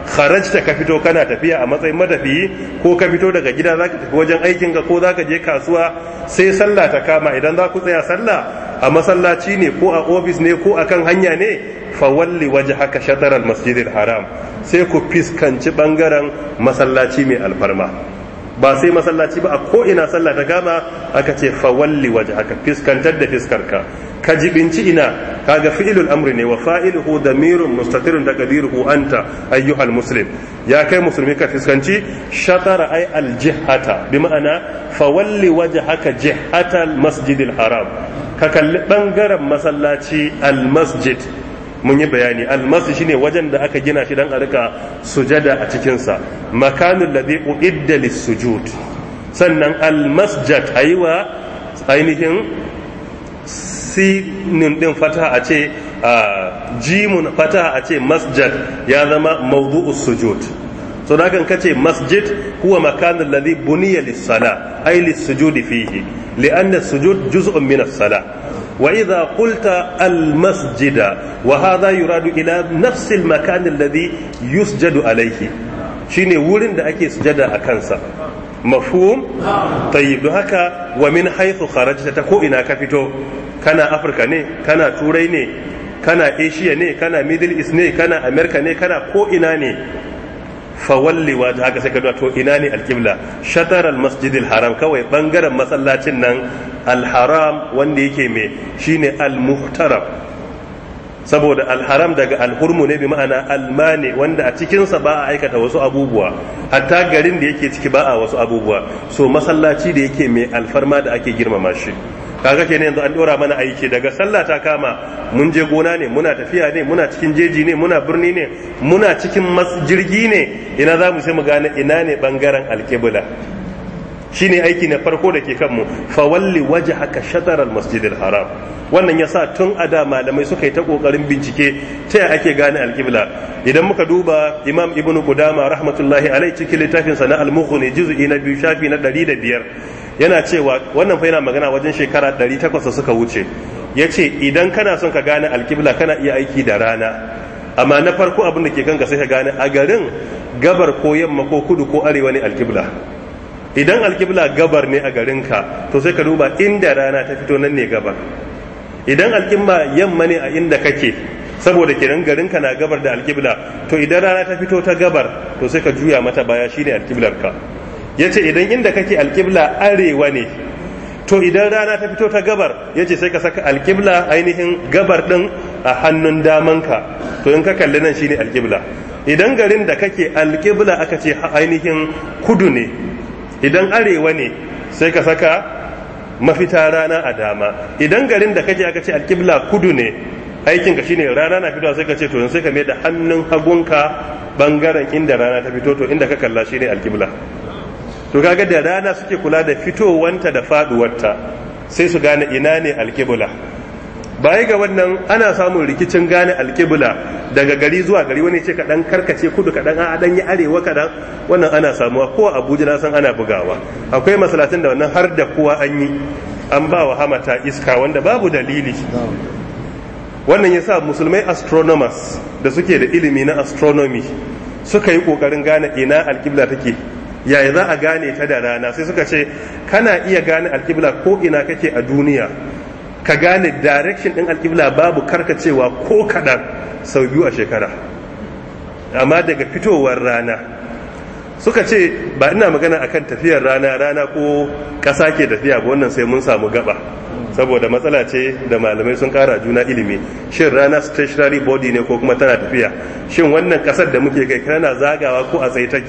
kharajta ka fito kana tafiya a matsayin madafi ko ka fito daga gida zaka tafi wajen aikin ka ko zaka je kasuwa sai sallah ta kama idan za ku tsaya sallah a masallaci ne ko a ofis ne ko akan hanya ne fa walli wajhaka shatar al-masjidil haram sai ku fiskanci bangaren masallaci mai alfarma ba sai masallaci ba a ko ina sallah ta gama aka ce fawalli waje aka fiskantar da fiskarka ka jibinci ina kaga fi'ilul amri ne wa fa'iluhu damirun mustatirun taqdiruhu anta ayyuhal muslim ya kai musulmi ka fiskanci shatara ai al jihata bi ma'ana fawalli waje-haka jihatal masjidil haram ka kalli bangaren masallaci al masjid mun yi bayani almasu shine wajen da aka gina shi dan a rika sujada a cikin sa makanul ladhi uidda lis-sujud sannan almasjad aiwa ainihin sinin din fataha a ce jimun fataha a ce masjad ya zama mawdu'us sujud so da kan kace masjid huwa makanul ladhi buniya lis-sala ay lis-sujudi fihi li'anna as-sujud juz'un min as-sala Wa وإذا قلت المسجد وهذا يراد إلى نفس المكان الذي يسجد عليه shine wurin da ake sujada a kansa mafhum tayyib haka wa min haythu kharajta ta ko ina ka fito kana afirka ne kana turai ne kana asia ne kana middle east ne kana america ne kana ko ina ne fawalli wa haka sai ka duba to ina ne alkibla shatar masjidin haram kawai bangaren masallacin nan alharam wanda yake mai shine almuhtaram saboda alharam daga alhurmu ne bi ma'ana almane wanda a cikinsa ba a aikata wasu abubuwa hatta garin da yake ciki ba a wasu abubuwa so masallaci da yake mai alfarma da ake girmama shi kaga kenan yanzu an dora mana aiki daga sallah ta kama mun je gona ne muna tafiya ne muna cikin jeji ne muna birni ne muna cikin jirgi ne ina za mu sai mu gane ina ne bangaren alkibla shine aiki na farko da ke kanmu fawalli waje haka shatarar masjidil haram wannan ya sa tun a da malamai suka yi ta kokarin bincike ta ya ake gane alkibla idan muka duba imam ibnu kudama rahmatullahi alai cikin littafinsa na almughni juz'i na biyu shafi na ɗari da biyar yana cewa wannan fa yana magana wajen shekara 800 da suka wuce ya ce idan kana son ka gane alkibla kana iya aiki da rana amma na farko abin da ke kanka sai ka gane a garin gabar ko yamma ko kudu ko arewa ne alkibla idan alkibla gabar ne a garinka to sai ka duba inda rana ta fito nan ne gabar idan alkibla yamma ne a inda kake saboda kiran garinka na gabar da alkibla to idan rana ta fito ta gabar to sai ka juya mata baya shine alkiblarka ya ce idan inda kake alƙibla arewa ne to idan rana ta fito ta gabar ya ce sai ka saka alƙibla ainihin gabar ɗin a hannun damanka to in ka kalli nan shine alƙibla idan garin da kake alƙibla aka ce ainihin kudu ne idan arewa ne sai ka saka mafita rana a dama idan garin da kake aka ce alƙibla kudu ne aikin ka shine rana na fitowa sai ka ce to yanzu sai ka mai da hannun hagunka bangaren inda rana ta fito to inda ka kalla shine alƙibla to kaga da rana suke kula da fitowanta da faduwarta sai su gane ina ne alkibula bayi ga wannan ana samun rikicin gane alkibula daga gari zuwa gari wani ce kaɗan karkace kudu kaɗan a ɗan yi arewa kaɗan wannan ana samuwa ko abuja na san ana bugawa akwai masalatin da wannan har da kuwa an yi an ba wa hamata iska wanda babu dalili wannan ya sa musulmai astronomers da suke da ilimi na astronomy suka yi ƙoƙarin gane ina alkibla take yaya za a gane ta da rana sai suka ce kana iya gane alkibla ko ina kake a duniya ka gane direction din alkibla babu karka cewa ko kaɗan sau biyu a shekara amma daga fitowar rana suka ce ba ina magana akan tafiyar rana rana ko ƙasa ke tafiya ba wannan sai mun samu gaba saboda matsala ce da malamai sun kara juna ilimi shin rana stationary body ne ko kuma tana tafiya shin wannan kasar da muke kai kana zagawa ko a tsaye take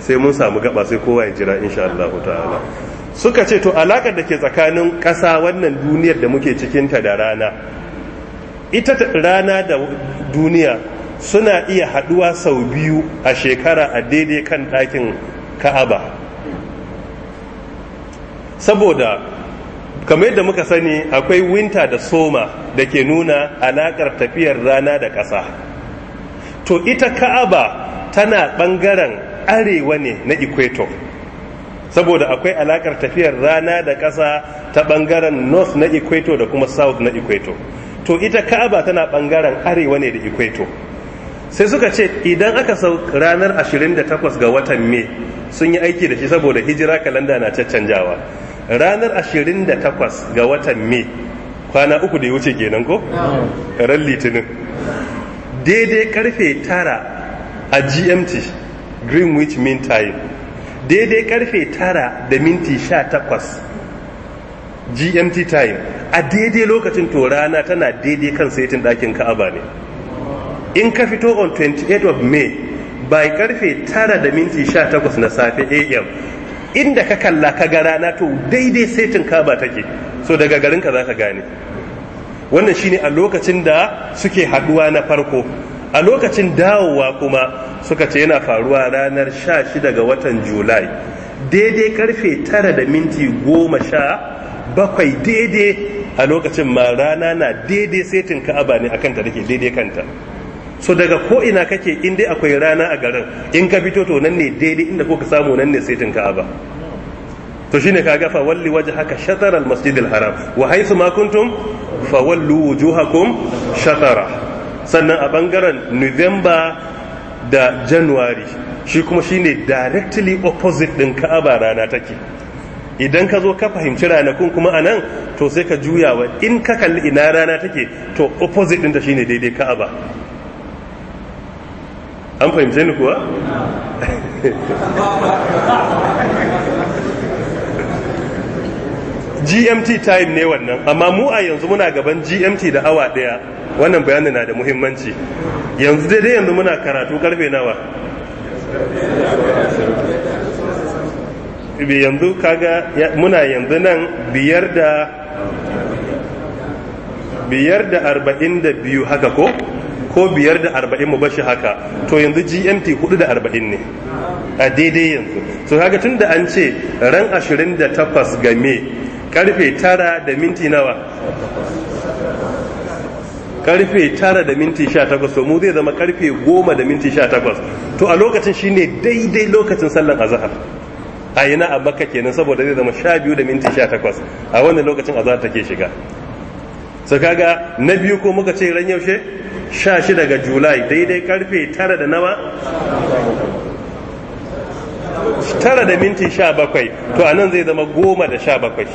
sai mun samu gaba sai kowa ya jira insha Allah ta'ala suka ce to alakar da ke tsakanin ƙasa wannan duniyar da muke ta da rana ita ta rana da duniya suna iya haduwa sau biyu a shekara a daidai kan ɗakin ka'aba saboda kamar yadda muka sani akwai winta da soma da ke nuna alaƙar tafiyar rana da ƙasa to ita ka'aba tana ɓangaren arewa ne na equator saboda akwai alakar tafiyar rana da ƙasa ta ɓangaren north na equator da kuma south na equator to ita ka'aba tana ɓangaren arewa ne da equator sai suka ce idan aka sau ranar 28 ga watan mai sun yi aiki da shi saboda hijira kalanda na caccanjawa ranar 28 ga watan mai kwana uku da ya wuce kenan ko? ran litinin daidai karfe tara a gmt greenwich mean time daidai karfe tara da minti sha gmt time a daidai lokacin to rana tana daidai kan saitin ɗakin ka'aba ne in ka fito on 28 of may by karfe tara da minti sha na safe am inda ka kalla ka ga rana to daidai saitin ka'aba take so daga garinka za ka gane wannan shine a lokacin da suke haduwa na farko a lokacin dawowa kuma suka ce yana faruwa ranar 16 ga watan julai daidai karfe 9 da minti bakwai daidai a lokacin ma rana na daidai setin ka'aba ne kanta da ke daidai kanta so daga ko ina kake in dai akwai rana a garin in ka fito to nan ne daidai inda ko ka samu nan ne setin ka'aba to shine ka gafa walli waje haka shatar al-masjid al-haram wa haythu ma kuntum fawallu wujuhakum shatara sannan a bangaren november da january shi kuma shine directly opposite din ka'aba rana take idan ka zo ka fahimci ranakun kuma a nan to sai ka juyawa in ka kalli ina rana take to opposite ɗinta shine daidai ka'aba an fahimce ni kuwa gmt time ne wannan amma mu a yanzu muna gaban gmt da awa daya wannan bayanin na da muhimmanci yanzu daidai yanzu muna karatu karfe nawa yanzu kaga muna yanzu nan biyar da biyar da arba'in da biyu haka ko ko biyar da arba'in mu bashi haka to yanzu gmt hudu da arba'in ne a daidai yanzu so haka tun da an ce ran ashirin da takwas game. karfe tara da minti nawa karfe tara da minti sha takwas to mu zai zama karfe goma da minti sha takwas to a lokacin shine daidai lokacin sallan azahar a yana a baka kenan saboda zai zama sha biyu da minti sha takwas a wannan lokacin azahar take shiga su kaga na biyu ko muka ce ran yaushe sha shida ga julai daidai karfe tara da nawa tara da minti sha bakwai to a nan zai zama goma da sha bakwai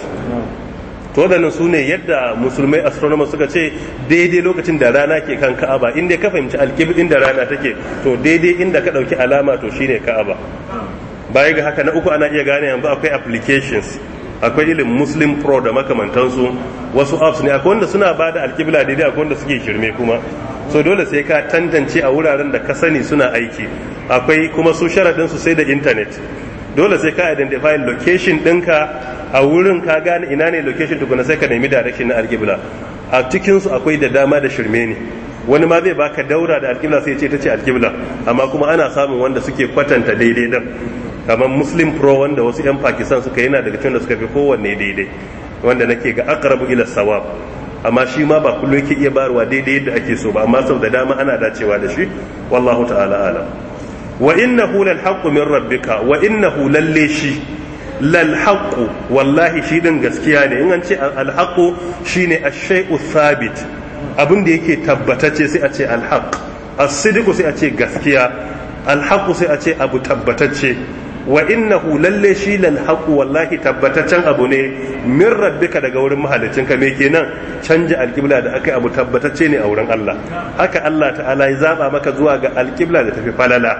to waɗannan su ne yadda musulmai astronomers suka ce daidai lokacin da rana ke kan ka'aba inda ka fahimci alkibi inda rana take to daidai inda ka ɗauki alama to shine ka'aba baya ga haka na uku ana iya gane yanzu akwai applications akwai ilim muslim pro da makamantansu wasu apps ne akwai wanda suna bada alkibla daidai akwai wanda suke shirme kuma so dole sai ka tantance a wuraren da ka sani suna aiki akwai kuma su sharaɗin su sai da intanet dole sai ka identify location ɗinka a wurin ka gane ina ne location tukuna sai ka nemi direction na alkibla a cikinsu akwai da dama da shirme ne wani ma zai baka daura da alkibla sai ce ta ce alkibla amma kuma ana samun wanda suke kwatanta daidai da. kamar muslim pro wanda wasu 'yan pakistan suka yana daga cikin da suka fi kowanne daidai wanda nake ga aqrabu ila sawab amma shi ma ba kullum yake iya barwa daidai yadda ake so ba amma sau da dama ana dacewa da shi wallahu ta'ala alam wa innahu lal haqqu min rabbika wa innahu lalle shi lal haqqu wallahi shi din gaskiya ne in an ce al haqqu shine ash-shay'u thabit abin da yake tabbatacce sai a ce al haqq as sidiq sai a ce gaskiya al haqqu sai a ce abu tabbatacce wa innahu lalle shi lal haqu wallahi tabbataccen abu ne min rabbika daga wurin mahalicinka me kenan canja alqibla da akai abu tabbatacce ne a wurin Allah haka Allah ta'ala ya zaba maka zuwa ga alqibla da tafi falala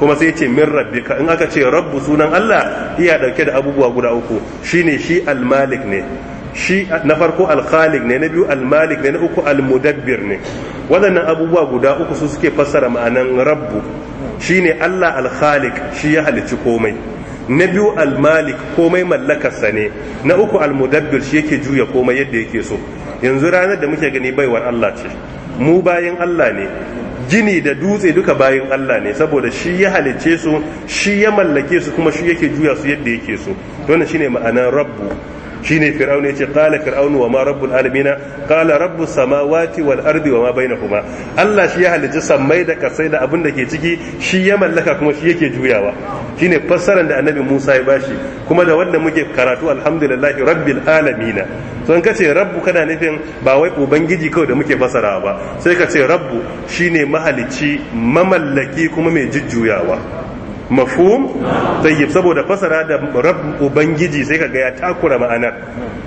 kuma sai ce min rabbika in aka ce rabbu sunan Allah iya dauke da abubuwa guda uku shine shi al ne shi na farko alkhalik ne na biyu almalik ne na uku almudabbir ne waɗannan abubuwa guda uku su suke fassara ma'anan rabbu Shi ne Allah al-khaliq shi ya halicci komai na biyu al-malik komai mallakarsa ne na uku al-mudabbir shi yake juya komai yadda yake so yanzu ranar da muke gani baiwar Allah ce mu bayan Allah ne gini da dutse duka bayan Allah ne saboda shi ya halicce su shi ya mallake su kuma shi yake juya su yadda yake so wannan shine ma'anar rabbu shine fir'aun yace qala fir'aun wa ma rabbul alamin qala rabbus samawati wal ardi wa ma bainahuma Allah shi ya halice sammai da kasai da abin da ke ciki shi ya mallaka kuma shi yake juyawa shine fassarar da annabi Musa ya bashi kuma da wanda muke karatu alhamdulillahi rabbil alamin to in kace rabbu kana nufin ba wai ubangiji kawai da muke fassarawa ba sai kace rabbu shine mahalici mamallaki kuma mai jujjuyawa mafhum tayyib saboda fasara da rabb ubangiji sai kaga ya takura ma'anar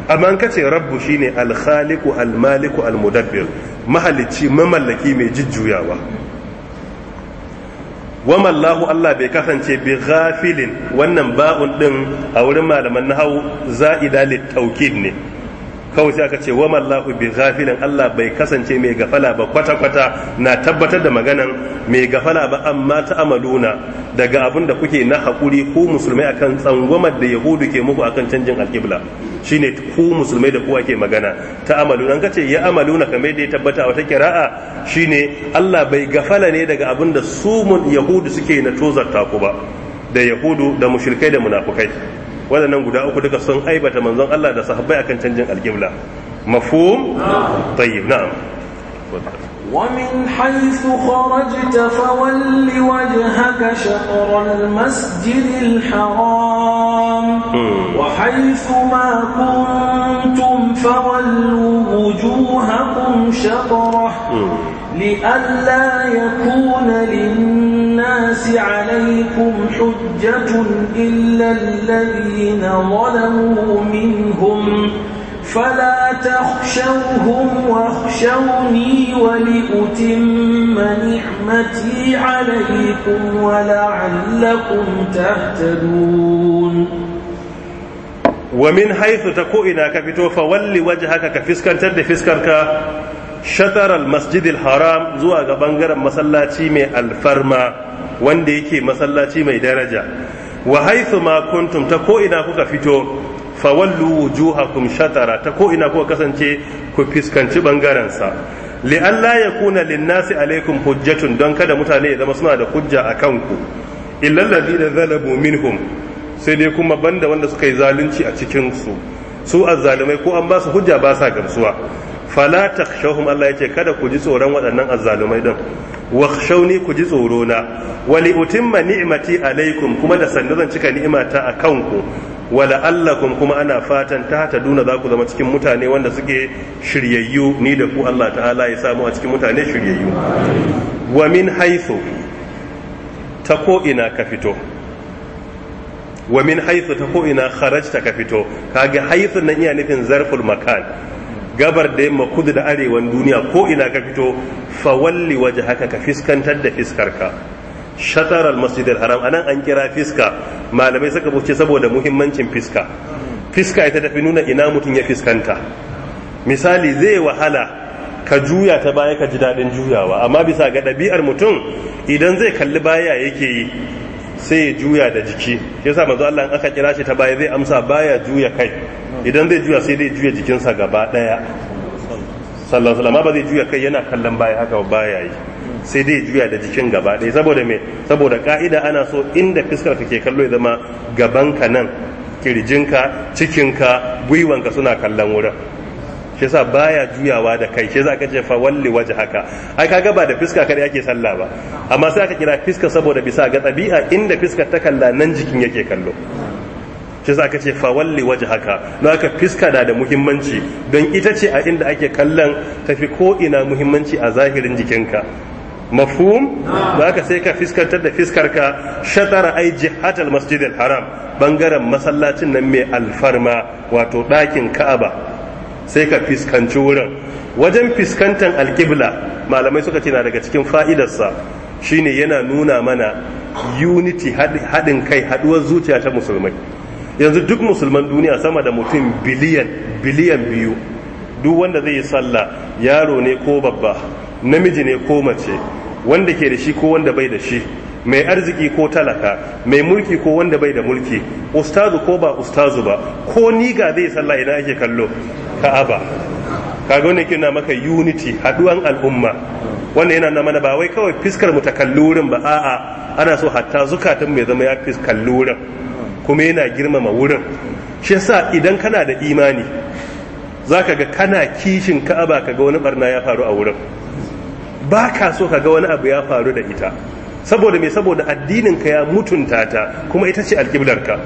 amma an kace rabbu shine al-khaliqu al-maliku al-mudabbir mahalicci mamallaki mai jujjuyawa wamallahu mallahu Allah bai kasance bi ghafilin wannan ba'un din a wurin malaman nahawu za'ida lit ne kawai sai aka ce wa mallahu bi ghafilin Allah bai kasance mai gafala ba kwata kwata na tabbatar da maganan mai gafala ba amma ta amaluna daga abin da kuke na hakuri ku musulmai akan tsangwamar da yahudu ke muku akan canjin alkibla shine ku musulmai da ku ake magana ta amaluna ka ce ya amaluna kamar da ya tabbata wata kira'a shine Allah bai gafala ne daga abin da su yahudu suke na tozarta ku ba da yahudu da mushrikai da munafukai waɗannan guda uku duka sun aibata manzon Allah da sahabbai akan canjin alƙibla mafhum tayyib na'am ومن حيث خرجت فول وجهك شطر المسجد الحرام وحيث ما كنتم فولوا وجوهكم شطره لئلا يكون للناس للناس عليكم حجة إلا الذين ظلموا منهم فلا تخشوهم واخشوني ولأتم نعمتي عليكم ولعلكم تهتدون ومن حيث تكوئنا كفتو فولي وجهك كفسكا تد فسكا شطر المسجد الحرام زوى بنجر مسلاتي من الفرما wanda yake masallaci mai daraja wa haithu ma kuntum ta ko ina kuka fito fa wallu wujuhakum shatara ta ko ina kuka kasance ku fiskanci bangaren sa li alla yakuna linnasi alaikum hujjatun don kada mutane ya zama suna da hujja a kanku illa alladhina zalabu minhum sai dai kuma banda wanda suka yi zalunci a cikin su su azzalumai ko an ba su hujja ba sa gamsuwa fala takshawhum Allah yace kada ku ji tsoron waɗannan azzalumai din wakhshawni ku ji tsoro na wali utimma ni'mati alaikum kuma da sannu zan cika ni'imata a kanku wala kun kuma ana fatan ta ta duna za ku zama cikin mutane wanda suke shiryayyu ni da ku Allah ta'ala ya samu a cikin mutane shiryayyu wa min haythu ta ko ka fito wa min haythu ta ko ina kharajta ka fito kaga haythu nan iya nufin zarful makan gabar da yamma kudu da arewan duniya ko ina ka fito fawalli waje haka ka fiskantar da fiskarka shatar al haram anan an kira fiska malamai suka buce saboda muhimmancin fiska fiska ita tafi nuna ina mutum ya fiskanta misali zai wahala ka juya ta baya ka ji daɗin juyawa amma bisa ga ɗabi'ar mutum idan zai kalli baya yake yi sai ya juya da jiki shi sa manzo Allah in aka kira shi ta baya zai amsa baya juya kai idan zai juya sai dai juya jikinsa gaba daya sallallahu alaihi ba zai juya kai yana kallon baya haka baya yi sai dai juya da jikin gaba daya saboda me saboda ka'ida ana so inda fiskar ka ke kallo ya zama gaban ka nan kirjinka cikinka gwiwanka suna kallon wurin shi yasa baya juyawa da kai shi yasa aka ce fa walli haka ai kaga ba da fiska kada yake sallah ba amma sai aka kira fiska saboda bisa ga ɗabi'a inda fiska ta kalla nan jikin yake kallo shi yasa aka ce fa walli waje haka don ka fiska da da muhimmanci don ita ce a inda ake kallon tafi ko ina muhimmanci a zahirin jikinka mafhum da aka sai ka fiskantar da fiskar ka shatara ai jihatal masjidil haram bangaren masallacin nan mai alfarma wato ɗakin ka'aba sai ka fiskanci wurin wajen fiskantar alkibla malamai suka ce na daga cikin fa'idarsa shine yana nuna mana unity haɗin kai haɗuwar zuciya ta musulmai yanzu duk musulman duniya sama da mutum biliyan biliyan biyu duk wanda zai yi sallah yaro ne ko babba namiji ne ko mace wanda ke da shi ko wanda bai da shi mai arziki ko talaka mai mulki ko wanda bai da mulki ustazu ko ba ustazu ba ko ni ga zai sallah ina ake kallo ka'aba kaga wannan kina maka unity haduwan al'umma wannan yana na mana ba wai kawai fiskar mu ta kallurin ba a'a ana so hatta zukatan mai zama ya fiskar kallurin kuma yana girmama wurin shi yasa idan kana da imani zaka ga kana kishin ka'aba kaga wani barna ya faru a wurin ba ka so kaga wani abu ya faru da ita saboda me saboda addininka ya mutunta ta kuma ita ce alƙiblarka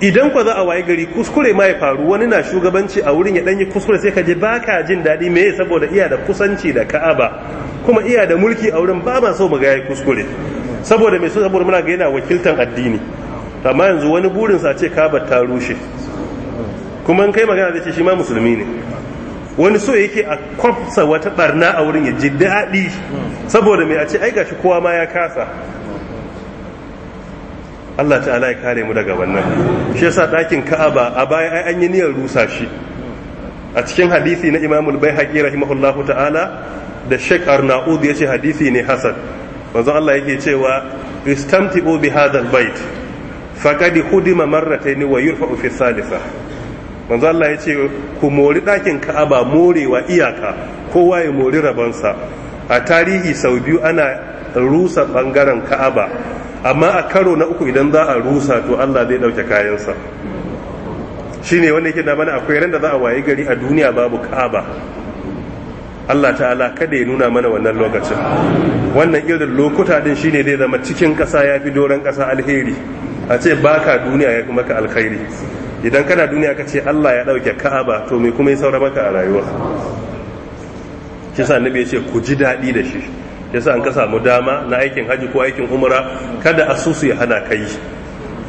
idan kwa za a waye gari kuskure ma ya faru wani na shugabanci a wurin ya ɗanyi kuskure sai ka ji ba ka jin daɗi me saboda iya da kusanci da ka'aba kuma iya da mulki a wurin ba ma so mu ga kuskure saboda me saboda muna ga yana wakiltan addini amma yanzu wani burinsa sa ce ba ta rushe kuma in kai magana zai ce shi ma musulmi ne wani so yake a kwafsa wata barna a wurin ya ji daɗi saboda mai a ce ai kowa ma ya kasa Allah ta'ala ya kare mu daga wannan shi yasa ɗakin ka'aba a baya ai an yi niyyar rusa shi a cikin hadisi na imamul bai rahimahullahu ta'ala da sheik arnaud ya ce hadisi ne hasan manzon Allah yake cewa istamti'u bi bait faqad hudima marratayn wa yurfa'u fi thalitha manzo Allah ya ce ku mori ɗakin ka'aba morewa iyaka kowa ya mori rabansa a tarihi sau biyu ana rusa ɓangaren ka'aba amma a karo na uku idan za a rusa to Allah zai ɗauke kayansa shi ne wanda yake da mana akwai ran da za a waye gari a duniya babu ka'aba Allah ta'ala kada ya nuna mana wannan lokacin wannan irin lokuta din shine zai zama cikin ƙasa ya fi doron ƙasa alheri a ce baka duniya ya kuma ka alkhairi idan kana duniya ka ce Allah ya ɗauke ka'aba to mai kuma ya saura maka a rayuwa kisa nabi ya ce ku ji daɗi da shi yasa an ka samu dama na aikin haji ko aikin umra kada asusu ya hana kai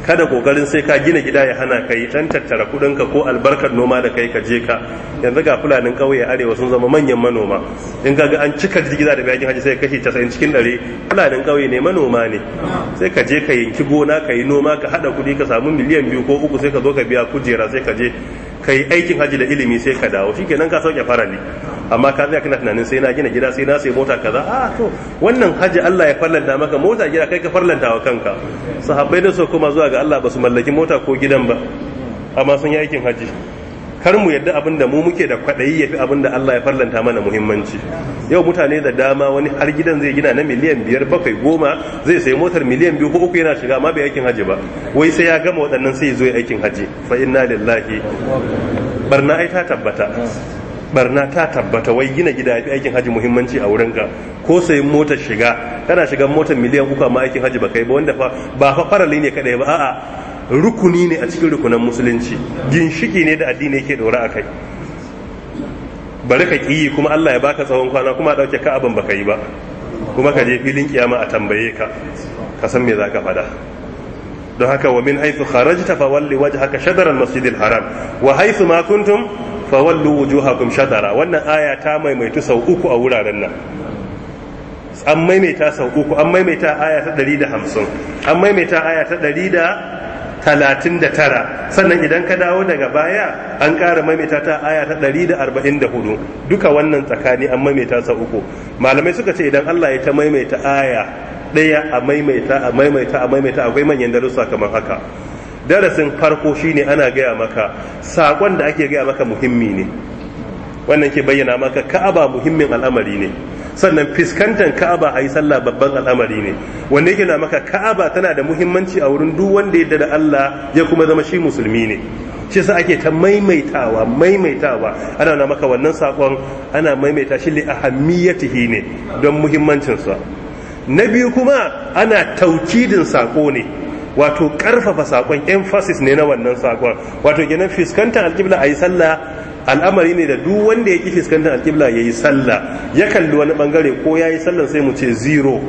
kada kokarin sai ka gina gida ya hana kai dan tattara kudin ka ko albarkar noma da kai ka je ka yanzu ga fulanin kauye arewa sun zama manyan manoma in ga an cika gida da bayan haji sai kashi casain cikin dare fulanin kauye ne manoma ne sai ka je ka yanki gona ka yi noma ka haɗa kuɗi ka samu miliyan biyu ko uku sai ka zo ka biya kujera sai ka je ka yi aikin haji da ilimi sai ka dawo shikenan ka sauke farali amma ka zai kana tunanin sai na gina gida sai na sai mota kaza a ah, to wannan haji Allah ya farlanta maka mota gida kai ka farlanta wa kanka sahabbai da so kuma zuwa ga Allah ba su mallaki mota ko gidan ba amma sun yi aikin haji kar mu yadda abin da mu muke da kwaɗayi ya fi abin da Allah ya farlanta mana muhimmanci yau mutane da dama wani har gidan zai gina na miliyan biyar bakwai goma zai sayi motar miliyan biyu ko uku yana shiga amma bai aikin haji ba wai sai ya gama waɗannan sai ya zo aikin haji fa inna lillahi barna ai ta tabbata barna ta tabbata wai gina gida fi aikin haji muhimmanci a wurin ka ko sayin motar shiga kana shiga motar miliyan uku amma aikin haji ba kai ba wanda ba fa farali ne kadai ba a'a rukuni ne a cikin rukunan musulunci ginshiki ne da addini yake dora a kai bari ka ƙi kuma Allah ya baka tsawon kwana kuma a ɗauke abin baka yi ba kuma ka je filin kiyama a tambaye ka ka san me za ka faɗa don haka wa min haythu kharajta fawalli wajhaka Shadar al-masjidil haram wa haythu ma kuntum fawallu wujuhakum Shadara. wannan aya ta maimaitu sau uku a wuraren nan an maimaita sau uku an maimaita aya ta 150 an maimaita aya ta tara, sannan idan ka dawo daga baya an ƙara maimaita ta aya ta 144 duka wannan tsakani an maimaita sau uku malamai suka ce idan Allah ya ta maimaita aya ɗaya a maimaita a maimaita a maimaita akwai manyan darussa kamar haka darasin farko shine ana gaya maka saƙon da ake gaya maka muhimmi ne wannan ke bayyana maka ka'aba muhimmin al'amari ne sannan fiskantar ka'aba a yi sallah babban al'amari ne wanda yake na maka ka'aba tana da muhimmanci a wurin duk wanda ya da Allah ya kuma zama shi musulmi ne shi sa ake ta maimaitawa maimaitawa ana na maka wannan saƙon ana maimaita shi li ahammiyatihi ne don muhimmancinsa na biyu kuma ana taukidin sako ne wato karfafa sakon emphasis ne na wannan sakon wato gina fuskantar alkibla a yi sallah al'amari ne da duk wanda ya ki fuskantar alkibla ya yi sallah ya kalli wani bangare ko ya yi sallan sai mu ce zero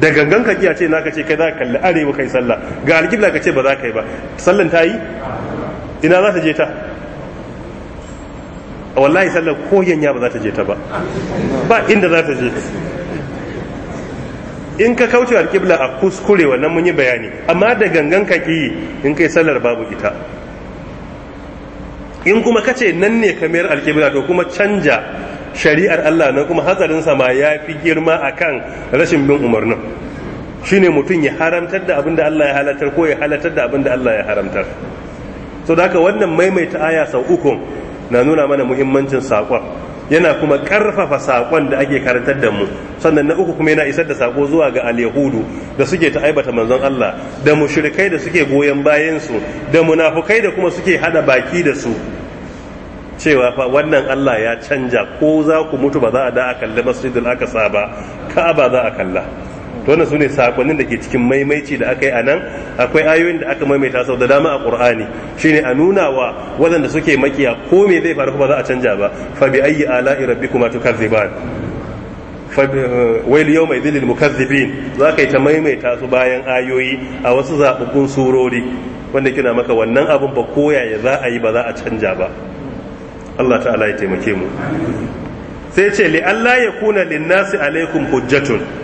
da gangan ka a ce ka ce kai za ka kalli arewa kai sallah ga alkibla ka ce ba za ka yi ba sallan ta yi ina za ta je ta wallahi sallar koyan ya ba za ta je ta ba ba inda za ta je in ka kauce alƙibla a kuskure wannan mun yi bayani amma da gangan ka ki in kai sallar babu ita in kuma ka ce nan ne ka kamar alƙibla to kuma canja shari'ar Allah na kuma hatsarin ma ya fi girma akan rashin bin umarnin shine mutum ya haramtar da abin Allah ya halatar ko ya halatar da abinda Allah ya haramtar so da haka wannan maimaita aya sau uku na nuna mana muhimmancin saƙon yana kuma karfafa sakon da ake karantar da mu sannan na uku kuma yana isar da sako zuwa ga alyahudu da suke ta aibata manzon Allah da mushrikai da suke goyon bayan su da munafukai da kuma suke hada baki da su cewa fa wannan Allah ya canja ko za ku mutu ba za a da a kalli masjidul aqsa ba ba za a kalla to wannan sune sakonnin da ke cikin maimaici da aka yi a nan akwai ayoyin da aka maimaita sau da dama a qur'ani shine a nuna wa waɗanda suke makiya ko me zai faru ba za a canja ba fa bi ayyi ala'i rabbikuma tukazziban eh, wa yau mai idhil mukazzibin za ka yi ta maimaita su bayan ayoyi a wasu zaɓuɓɓun surori wanda kina maka wannan abun ba koya ya za a yi ba za a canja ba Allah ta'ala ya taimake mu sai ce li Allah ya kuna linnasi alaikum hujjatun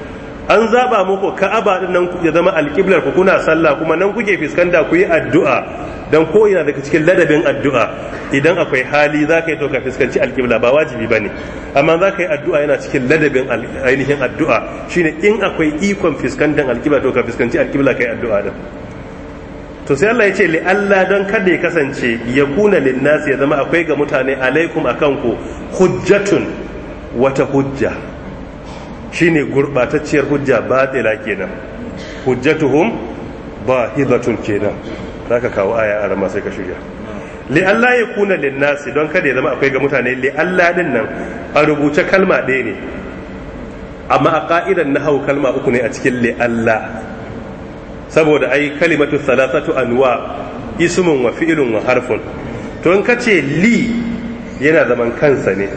an zaba muku ka'aba din nan ya zama alƙiblar ku kuna sallah kuma nan kuke fiskanta ku yi addu'a dan ko yana daga cikin ladabin addu'a idan akwai hali za ka yi to ka fiskanci alƙibla ba wajibi bane amma za ka addu'a yana cikin ladabin ainihin addu'a shine in akwai ikon fiskantan alƙibla to ka fiskanci alƙibla kai addu'a din to sai Allah ya ce Allah dan kada ya kasance ya kuna linnasi ya zama akwai ga mutane alaikum akan ku hujjatun wata hujja Shi ne gurɓatacciyar hujja batila kenan hujjatuhum bahidatun kenan ka kawo aya a rama sai ka shirya li'alla ya kuna linnasi don kada ya zama akwai ga mutane li'alla din nan a rubuce kalma ɗaya ne amma a ƙa'idan na hau kalma uku ne a cikin li'alla saboda ai kalimatu salasatu anwa ismun wa fi'ilun wa harfun to in ka ce li yana zaman kansa ne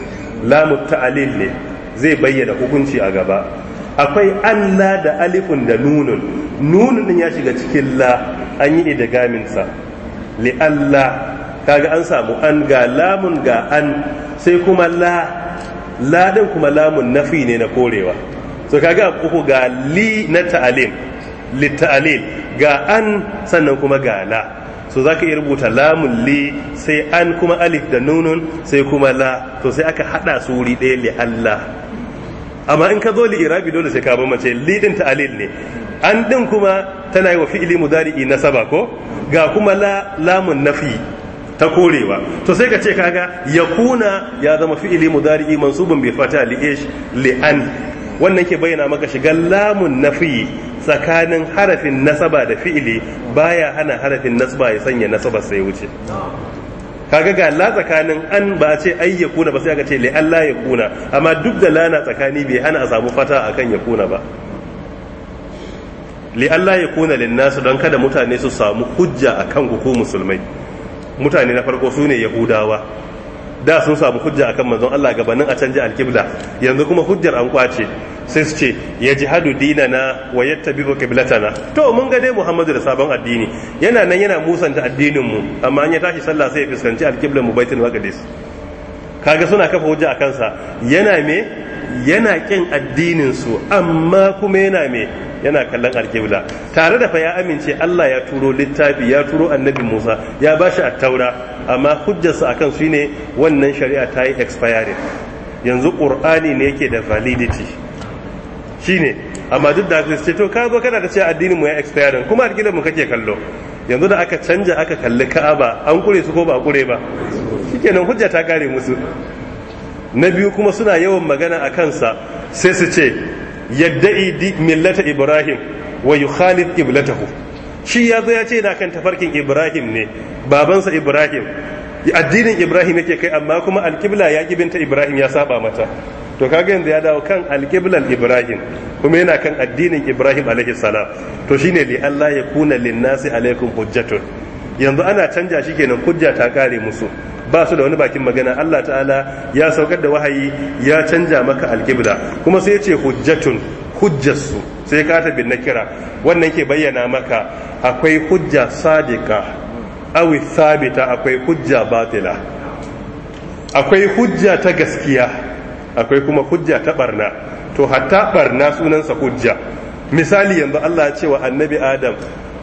lamu ta'alil ne zai bayyana hukunci a gaba akwai Allah da alifun da nunun nunun ya shiga cikin la an yi sa. li Allah kaga an samu an ga lamun ga an sai kuma la la din kuma lamun nafi ne na korewa so kaga uku ga li na ta'alim li ta'alil ga an sannan kuma ga la so za ka iya rubuta lamun li sai an kuma alif da nunun sai kuma la to sai aka hada su wuri ɗaya li Allah amma in ka zo li irabi dole sai ka mace lidin alil ne an din kuma tana yi wa fi'ili mudari'i nasaba ko ga kuma la lamun nafi ta korewa to sai ka ce kaga yakuna ya zama fi'ili mudari'i mansubun bi fata li ish li an wannan ke bayyana maka shiga lamun nafi tsakanin harafin nasaba da fi'ili baya hana harafin nasaba ya sanya nasaba sai wuce kaga ga la tsakanin an ba a ce ai ya kuna ba sai aka ce la'alla Allah ya kuna amma duk da lana tsakani bai hana a samu fata akan ya kuna ba li Allah ya kuna linnasu nasu don kada mutane su samu hujja akan ku musulmai mutane na farko su ne yahudawa da sun samu hujja akan manzon Allah gabanin a canji alkibla yanzu kuma hujjar an kwace sai su ce ya ji hadu dinana wa yattabi'u kiblatana to mun ga dai Muhammadu da sabon addini yana nan yana musanta addinin mu amma an ya tashi sallah sai ya fuskanci alƙibla mu baitul maqdis kaga suna kafa hujja a kansa yana me yana kin addinin su amma kuma yana me yana kallon alkibla tare da fa ya amince Allah ya turo littafi ya turo annabi Musa ya bashi attaura amma hujjarsa akan su ne wannan shari'a ta yi expiring yanzu qur'ani ne yake da validity shine amma duk da ce to ka zo kana da cewa addinin mu ya expiring kuma alkibla mu kake kallo yanzu da aka canja aka kalli ka'aba an kure su ko ba a kure ba shikenan hujja ta kare musu na biyu kuma suna yawan magana a kansa sai su ce yadda'i millata ibrahim wa yukhalif qiblatahu shi ya zo ya ce na kan tafarkin ibrahim ne babansa ibrahim addinin ibrahim yake kai amma kuma alkibla ya binta ibrahim ya saba mata to kaga yanzu ya dawo kan alqibla ibrahim kuma yana kan addinin ibrahim alaihi salam to shine li Allah ya kuna linnasi alaikum hujjatun yanzu ana canja shi kenan hujja ta kare musu ba su da wani bakin magana Allah ta'ala ya saukar da wahayi ya canja maka alkibla kuma sai ya ce hujjatun hujjarsu sai ka ta bin kira wannan ke bayyana maka akwai hujja sadika awi sabita akwai hujja batila akwai hujja ta gaskiya akwai kuma hujja ta barna to hatta barna sunansa hujja misali yanzu Allah ya ce wa annabi Adam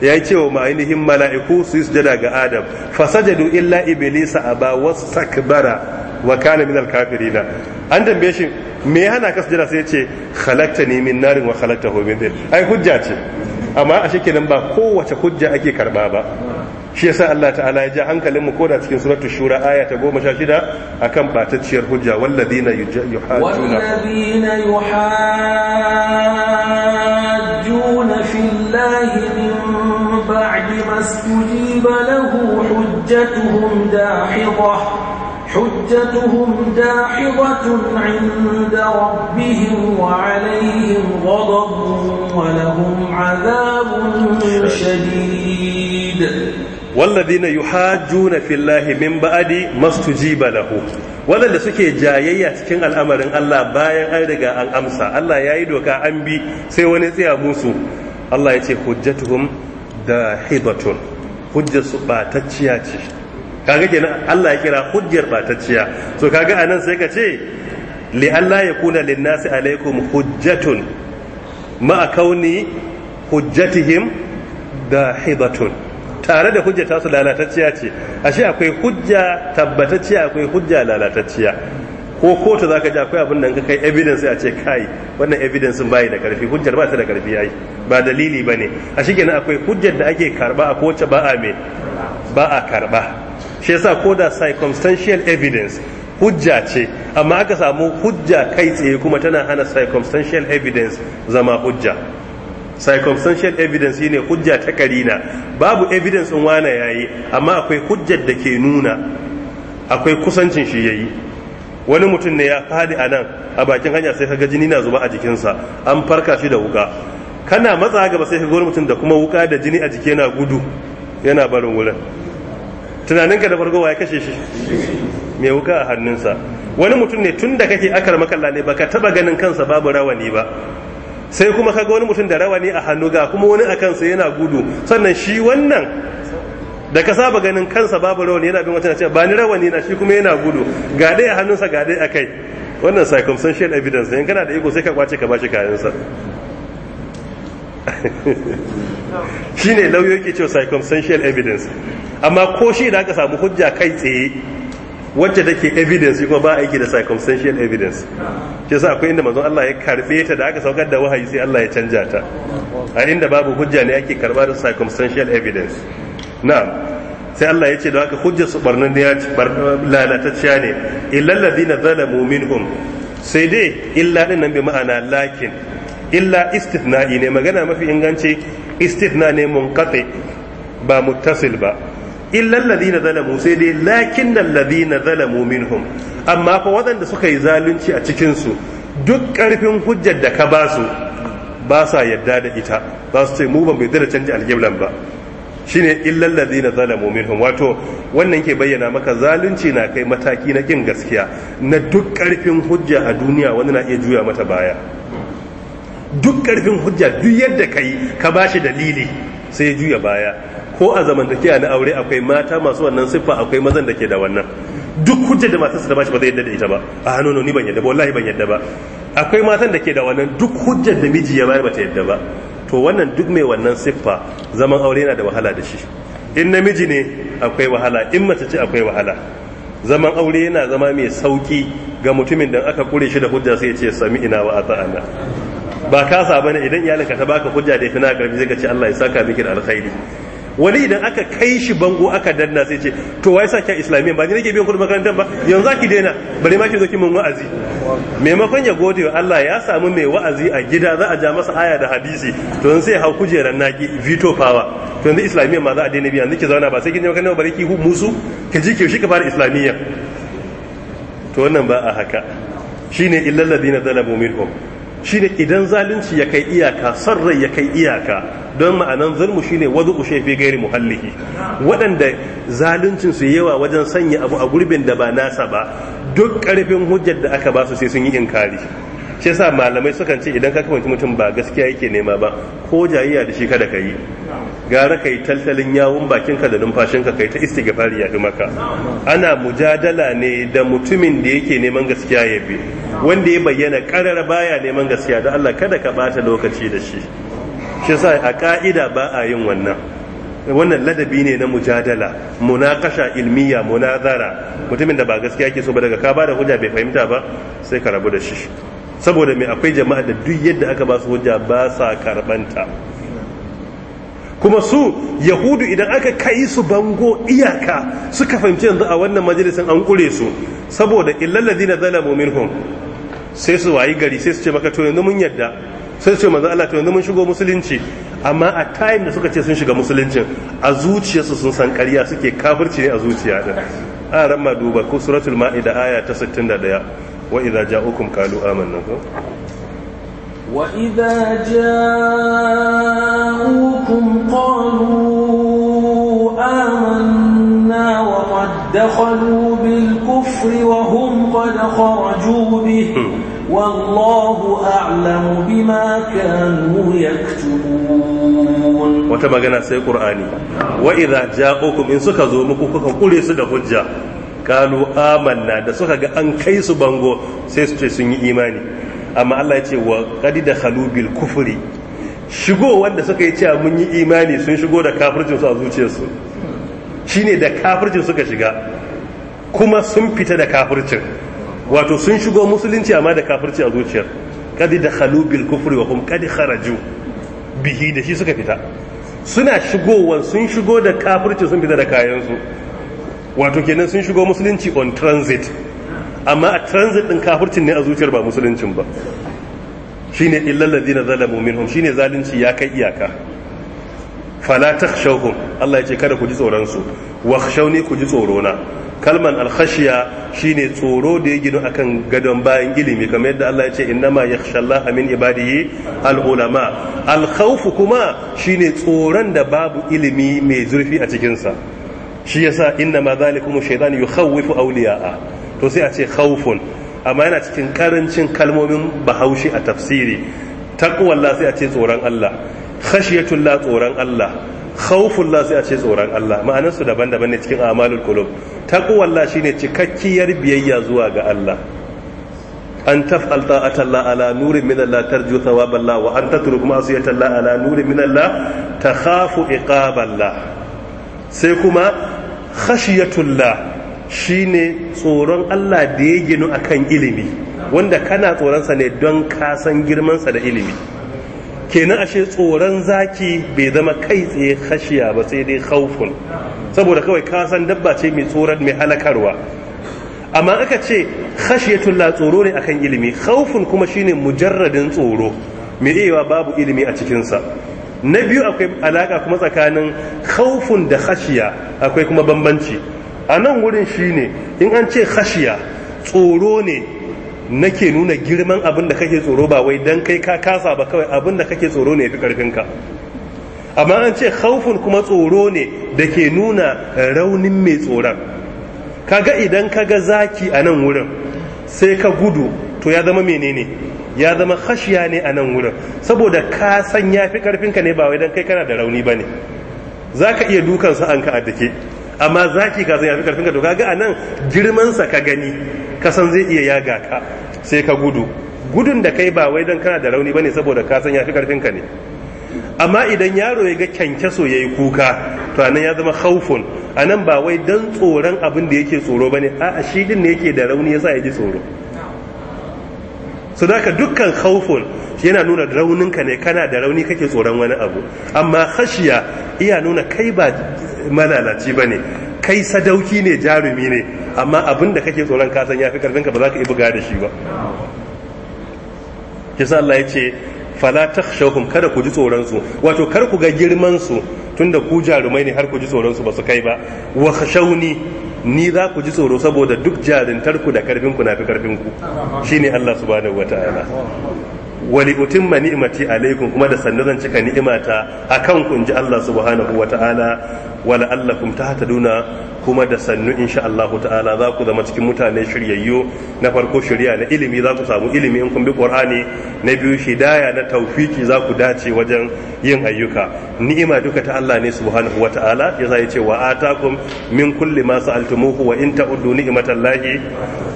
ya ce wa ma'ainihin mala'iku su yi sujada ga adam fasajadu illa iblisa aba wastakbara wa kana minal kafirina an tambaye shi me hana ka sujada sai ce ce khalaqtani min narin wa khalaqtahu homin tin ai hujja ce amma a shekenan ba kowace hujja ake karba ba shi yasa Allah ta'ala ya ja hankalin mu koda cikin suratul shura aya ta 16 akan batacciyar hujja walladina yuhajjuna walladina yuhajjuna fillahi استجيب له حجتهم داحضة حجتهم داحضة عند ربهم وعليهم غضب ولهم عذاب شديد والذين يحاجون في الله من بعد ما استجيب له waɗanda suke jayayya cikin al'amarin Allah bayan an riga an amsa Allah ya yi doka an bi sai wani tsaya musu Allah ya ce hujjatuhum da hibatun hujjar su batacciya ce kaga kenan Allah ya kira hujjar batacciya so kaga anan sai ka ce li Allah ya kuna lin nasi alaikum hujjatun ma kauni hujjatihim da hibatun tare da hujja ta su lalatacciya ce ashe akwai hujja tabbatacciya akwai hujja lalatacciya ko kotu za ka ji akwai abin da ka kai evidence a ce kai wannan evidence bayi da karfi hujjar ba ta da karfi yayi ba dalili ba ne a shi akwai hujjar da ake karba a kowace ba a me ba a karba shi yasa ko da circumstantial evidence hujja ce amma aka samu hujja kai tsaye kuma tana hana circumstantial evidence zama hujja circumstantial evidence ne hujja ta karina babu evidence in wane yayi amma akwai hujjar da ke nuna akwai kusancin shi yayi wani mutum ne ya fadi a nan a bakin hanya sai kaga jini na zuba a jikinsa an farka shi da wuka kana matsa gaba sai kaga wani mutum da kuma wuka da jini a jiki yana gudu yana barin wurin tunaninka da farko ya kashe shi mai wuka a hannunsa wani mutum ne tun da kake akar makalla ne baka taba ganin kansa babu rawani ba sai kuma kaga wani mutum da rawani a hannu ga kuma wani a kansa yana gudu sannan shi wannan da ka saba ganin kansa babu rawani yana bin wacce ba ni rawani na shi kuma yana gudu ga dai a hannunsa ga dai a kai wannan circumstantial evidence ne in kana da iko sai ka kwace ka bashi kayansa shine lauyoyi ke cewa circumstantial evidence amma ko shi da aka samu hujja kai tsaye wacce take evidence kuma ba aiki da circumstantial evidence shi yasa akwai inda manzon Allah ya karbe ta da aka saukar da wahayi sai Allah ya canja ta a inda babu hujja ne ake karba da circumstantial evidence na'am sai Allah ya ce da haka hujjar su barnan ya ci lalatacciya ne illal ladina zalamu minhum sai dai illa din nan bi ma'ana lakin illa istithna'i ne magana mafi inganci istithna ne munqati ba muttasil ba illal zala zalamu sai dai lakin ladina zalamu minhum amma fa waɗanda suka yi zalunci a cikin su duk ƙarfin hujjar da ka ba su ba sa yadda da ita ba su ce mu ban bai da canji aljiblan ba shine illal ladina zalamu minhum wato wannan ke bayyana maka zalunci na kai mataki na kin gaskiya na duk karfin hujja a duniya wani na iya juya mata baya duk karfin hujja duk yadda kai ka bashi dalili sai ya juya baya ko a zamantakewa na aure akwai mata masu wannan siffa akwai mazan da ke da wannan duk hujja da matarsa ta bashi ba zai yadda da ita ba a ah, hannu ni ban yadda ba wallahi ban yadda ba akwai matan da ke da wannan duk hujjar da miji ya bayar ba ta yadda ba to wannan duk mai wannan siffa zaman aure yana da wahala da shi in namiji ne akwai wahala in mace ce akwai wahala zaman aure yana zama mai sauki ga mutumin da aka kure shi da hujja sai ya ce sami ina wa ata'ana ba kasa bane idan iyalinka ta baka hujja da fina karfi zai ka ce Allah ya saka miki da alkhairi wani idan aka kai shi bango aka danna sai ce to wai sa kya islamiyya ba ni nake biyan kudu makarantar ba yanzu ki daina Bari ma ki zo ki min wa'azi maimakon ya gode wa Allah ya samu mai wa'azi a gida za a ja masa aya da hadisi to sai hau kujeran naki veto power to yanzu islamiyya ma za a daina biya yanzu ki zauna ba sai kin je makarantar bari ki musu ki ji ki shi ka fara islamiyya to wannan ba a haka shine illal ladina zalamu minhum shi ne idan zalunci ya kai iyaka son rai ya kai iyaka don ma'anan zulmu shine wazu ushe fi gairi muhallihi waɗanda zaluncin su yawa wajen sanya abu a gurbin da ba nasa ba duk ƙarfin hujjar da aka ba su sai sun yi inkari shi yasa malamai sukan ce idan ka kamanci mutum ba gaskiya yake nema ba ko jayayya da shi kada ka yi gara ka yi taltalin yawun bakinka da numfashinka kai ta istighfari ya maka ana mujadala ne da mutumin da yake neman gaskiya ya bi wanda ya bayyana karar baya neman gaskiya da Allah kada ka bata lokaci da shi shi sa a ka'ida ba a yin wannan wannan ladabi ne na mujadala munakasha ilmiya munazara mutumin da ba gaskiya yake so ba daga ka ba da hujja bai fahimta ba sai ka rabu da shi saboda mai akwai jama'a da duk yadda aka ba su hujja ba sa karbanta kuma su yahudu idan aka kai su bango iyaka suka fahimci yanzu a wannan majalisin an kure su saboda illallazi na zalamu minhum sai su wayi gari sai su ce maka to yanzu mun yadda sai su ce manzo Allah to yanzu mun shigo musulunci amma a time da suka ce sun shiga musuluncin a zuciyarsu sun san ƙarya suke kafirci ne a zuciya din a ramma duba ko suratul ma'ida aya ta 61 wa idza ja'ukum qalu amanna وَإِذَا جَاءُوكُمْ قَالُوا آمَنَّا وَقَدْ دَخَلُوا بِالْكُفْرِ hmm. Wata magana sai Ƙur'ani, wa’iza jaƙoƙon in suka zo muku kuka kure su da hujja, kanu amanna da suka ga an kai su bango sai su ce sun yi imani. amma Allah ya ce wa qad da bil kufuri shigo wanda suka yi cewa mun yi imani sun shigo da kafircin su a zuciyarsu shine da kafircin suka shiga kuma sun fita da kafircin wato sun shigo musulunci amma da kafirci a zuciyar qad da bil kufuri wa hum kadi kharaju bihi da shi suka fita suna shigowa sun shigo da kafirci sun fita da kayansu wato kenan sun shigo musulunci on transit amma a transit din kafircin ne a zuciyar ba musuluncin ba shine zala ladina zalamu minhum shine zalunci ya kai iyaka fala takhshawhum Allah ya ce kada ku ji tsoron su ne ku ji tsoro na kalman alkhashiya shine tsoro da ya gino akan gadon bayan ilimi kamar yadda Allah ya ce innama amin min ibadihi alulama alkhawfu kuma shine tsoron da babu ilimi mai zurfi a cikin sa shi yasa innama zalikum shaytan yukhawwifu a. to sai a ce khawfun amma yana cikin karancin kalmomin bahaushe a tafsiri Allah sai a ce tsoron Allah khashiyatullah tsoron Allah la sai a ce tsoron Allah ma'anar su daban-daban ne cikin amalul qulub Allah shine cikakkiyar biyayya zuwa ga Allah an taf'al Allah ala nurin min Allah tarju Allah wa an tatruk Allah ala nurin min Allah takhafu Allah sai kuma khashiyatullah shine tsoron Allah da ya ginu akan ilimi wanda kana tsoronsa ne don kasan girmansa da ilimi kenan ashe tsoron zaki bai zama kai tsaye khashiya ba sai dai khaufun saboda kawai kasan dabba ce mai tsoron mai halakarwa amma aka ce hashiya tulla tsoro ne akan ilimi khaufun kuma shine mujarradin tsoro mai iya babu ilimi a cikinsa na biyu akwai alaka kuma tsakanin khaufun da khashiya akwai kuma bambanci a nan wurin shine in an ce khashiya tsoro ne nake nuna girman abin da kake tsoro ba wai dan kai ka kasa ba kawai abin da kake tsoro ne fi karfinka amma an ce haufin kuma tsoro ne da ke nuna raunin mai tsoron kaga idan kaga zaki a nan wurin sai ka gudu to ya zama menene ya zama khashiya ne a nan wurin saboda kasan san ya fi karfinka ne ba wai dan kai kana da rauni ba ne za ka iya dukansu an ka addake amma zaki ka ya fi karfin ka to kaga anan girman sa ka gani kasan zai iya yaga ka sai ka gudu gudun da kai ba wai don kana da rauni bane saboda ka san ya karfin ka ne amma idan yaro ya ga kyankyaso ya yi kuka to anan ya zama khaufun anan ba wai dan tsoron abin da yake tsoro bane a'a shi din ne yake da rauni yasa ya ji tsoro su da dukkan khawfun yana nuna rauninka ne kana da rauni kake tsoron wani abu amma hashiya, iya nuna kai ba malalaci ba ne kai sadauki ne jarumi ne amma abin da kake tsoron kasan ya fi karfinka ba za ka yi buga da shi ba kisa Allah ya ce fala takhshawhum kada ku ji tsoron su wato kar ku ga girman su da ku jarumai ne har ku ji tsoronsu su ba su kai ba wa shauni ni za ku ji tsoro saboda duk jarintarku da ku na fi karfinku shine Allah subhanahu wataala wali utimma ni'imaci alaikum kuma da sannu zan cika ni'imata akan ku ji Allah subhanahu wataala wala ta hata duna kuma da sannu insha Allah ta'ala za ku zama cikin mutane shiryayyo na farko shirya na ilimi za ku samu ilimi in kun bi qur'ani na biyu hidaya na tawfiki za ku dace wajen yin ayyuka ni'ima duka ta Allah ne subhanahu ya yasa ce wa atakum min kulli ma sa'altumuhu wa in ta'uddu ni'matallahi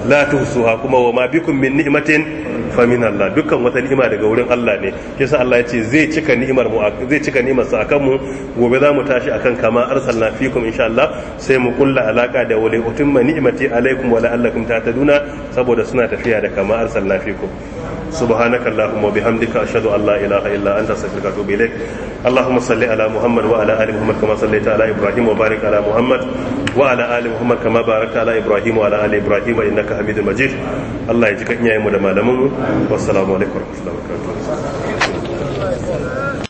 la tuhsuha kuma wa ma bikum min ni'matin fa min Allah dukkan wata ni'ima daga wurin Allah ne yasa Allah ya ce zai cika ni'imar mu zai cika ni'imar sa akan mu gobe za mu tashi akan kama arsalna fikum insha Allah sai mu kulla alaka da wale hutun ma ni'imati alaikum wa saboda suna tafiya da kama arsal lafikum subhanaka allahumma bihamdika ashhadu an la ilaha illa anta astaghfiruka wa atubu ilaik allahumma salli ala ala ali muhammad ala ibrahim mu da malamin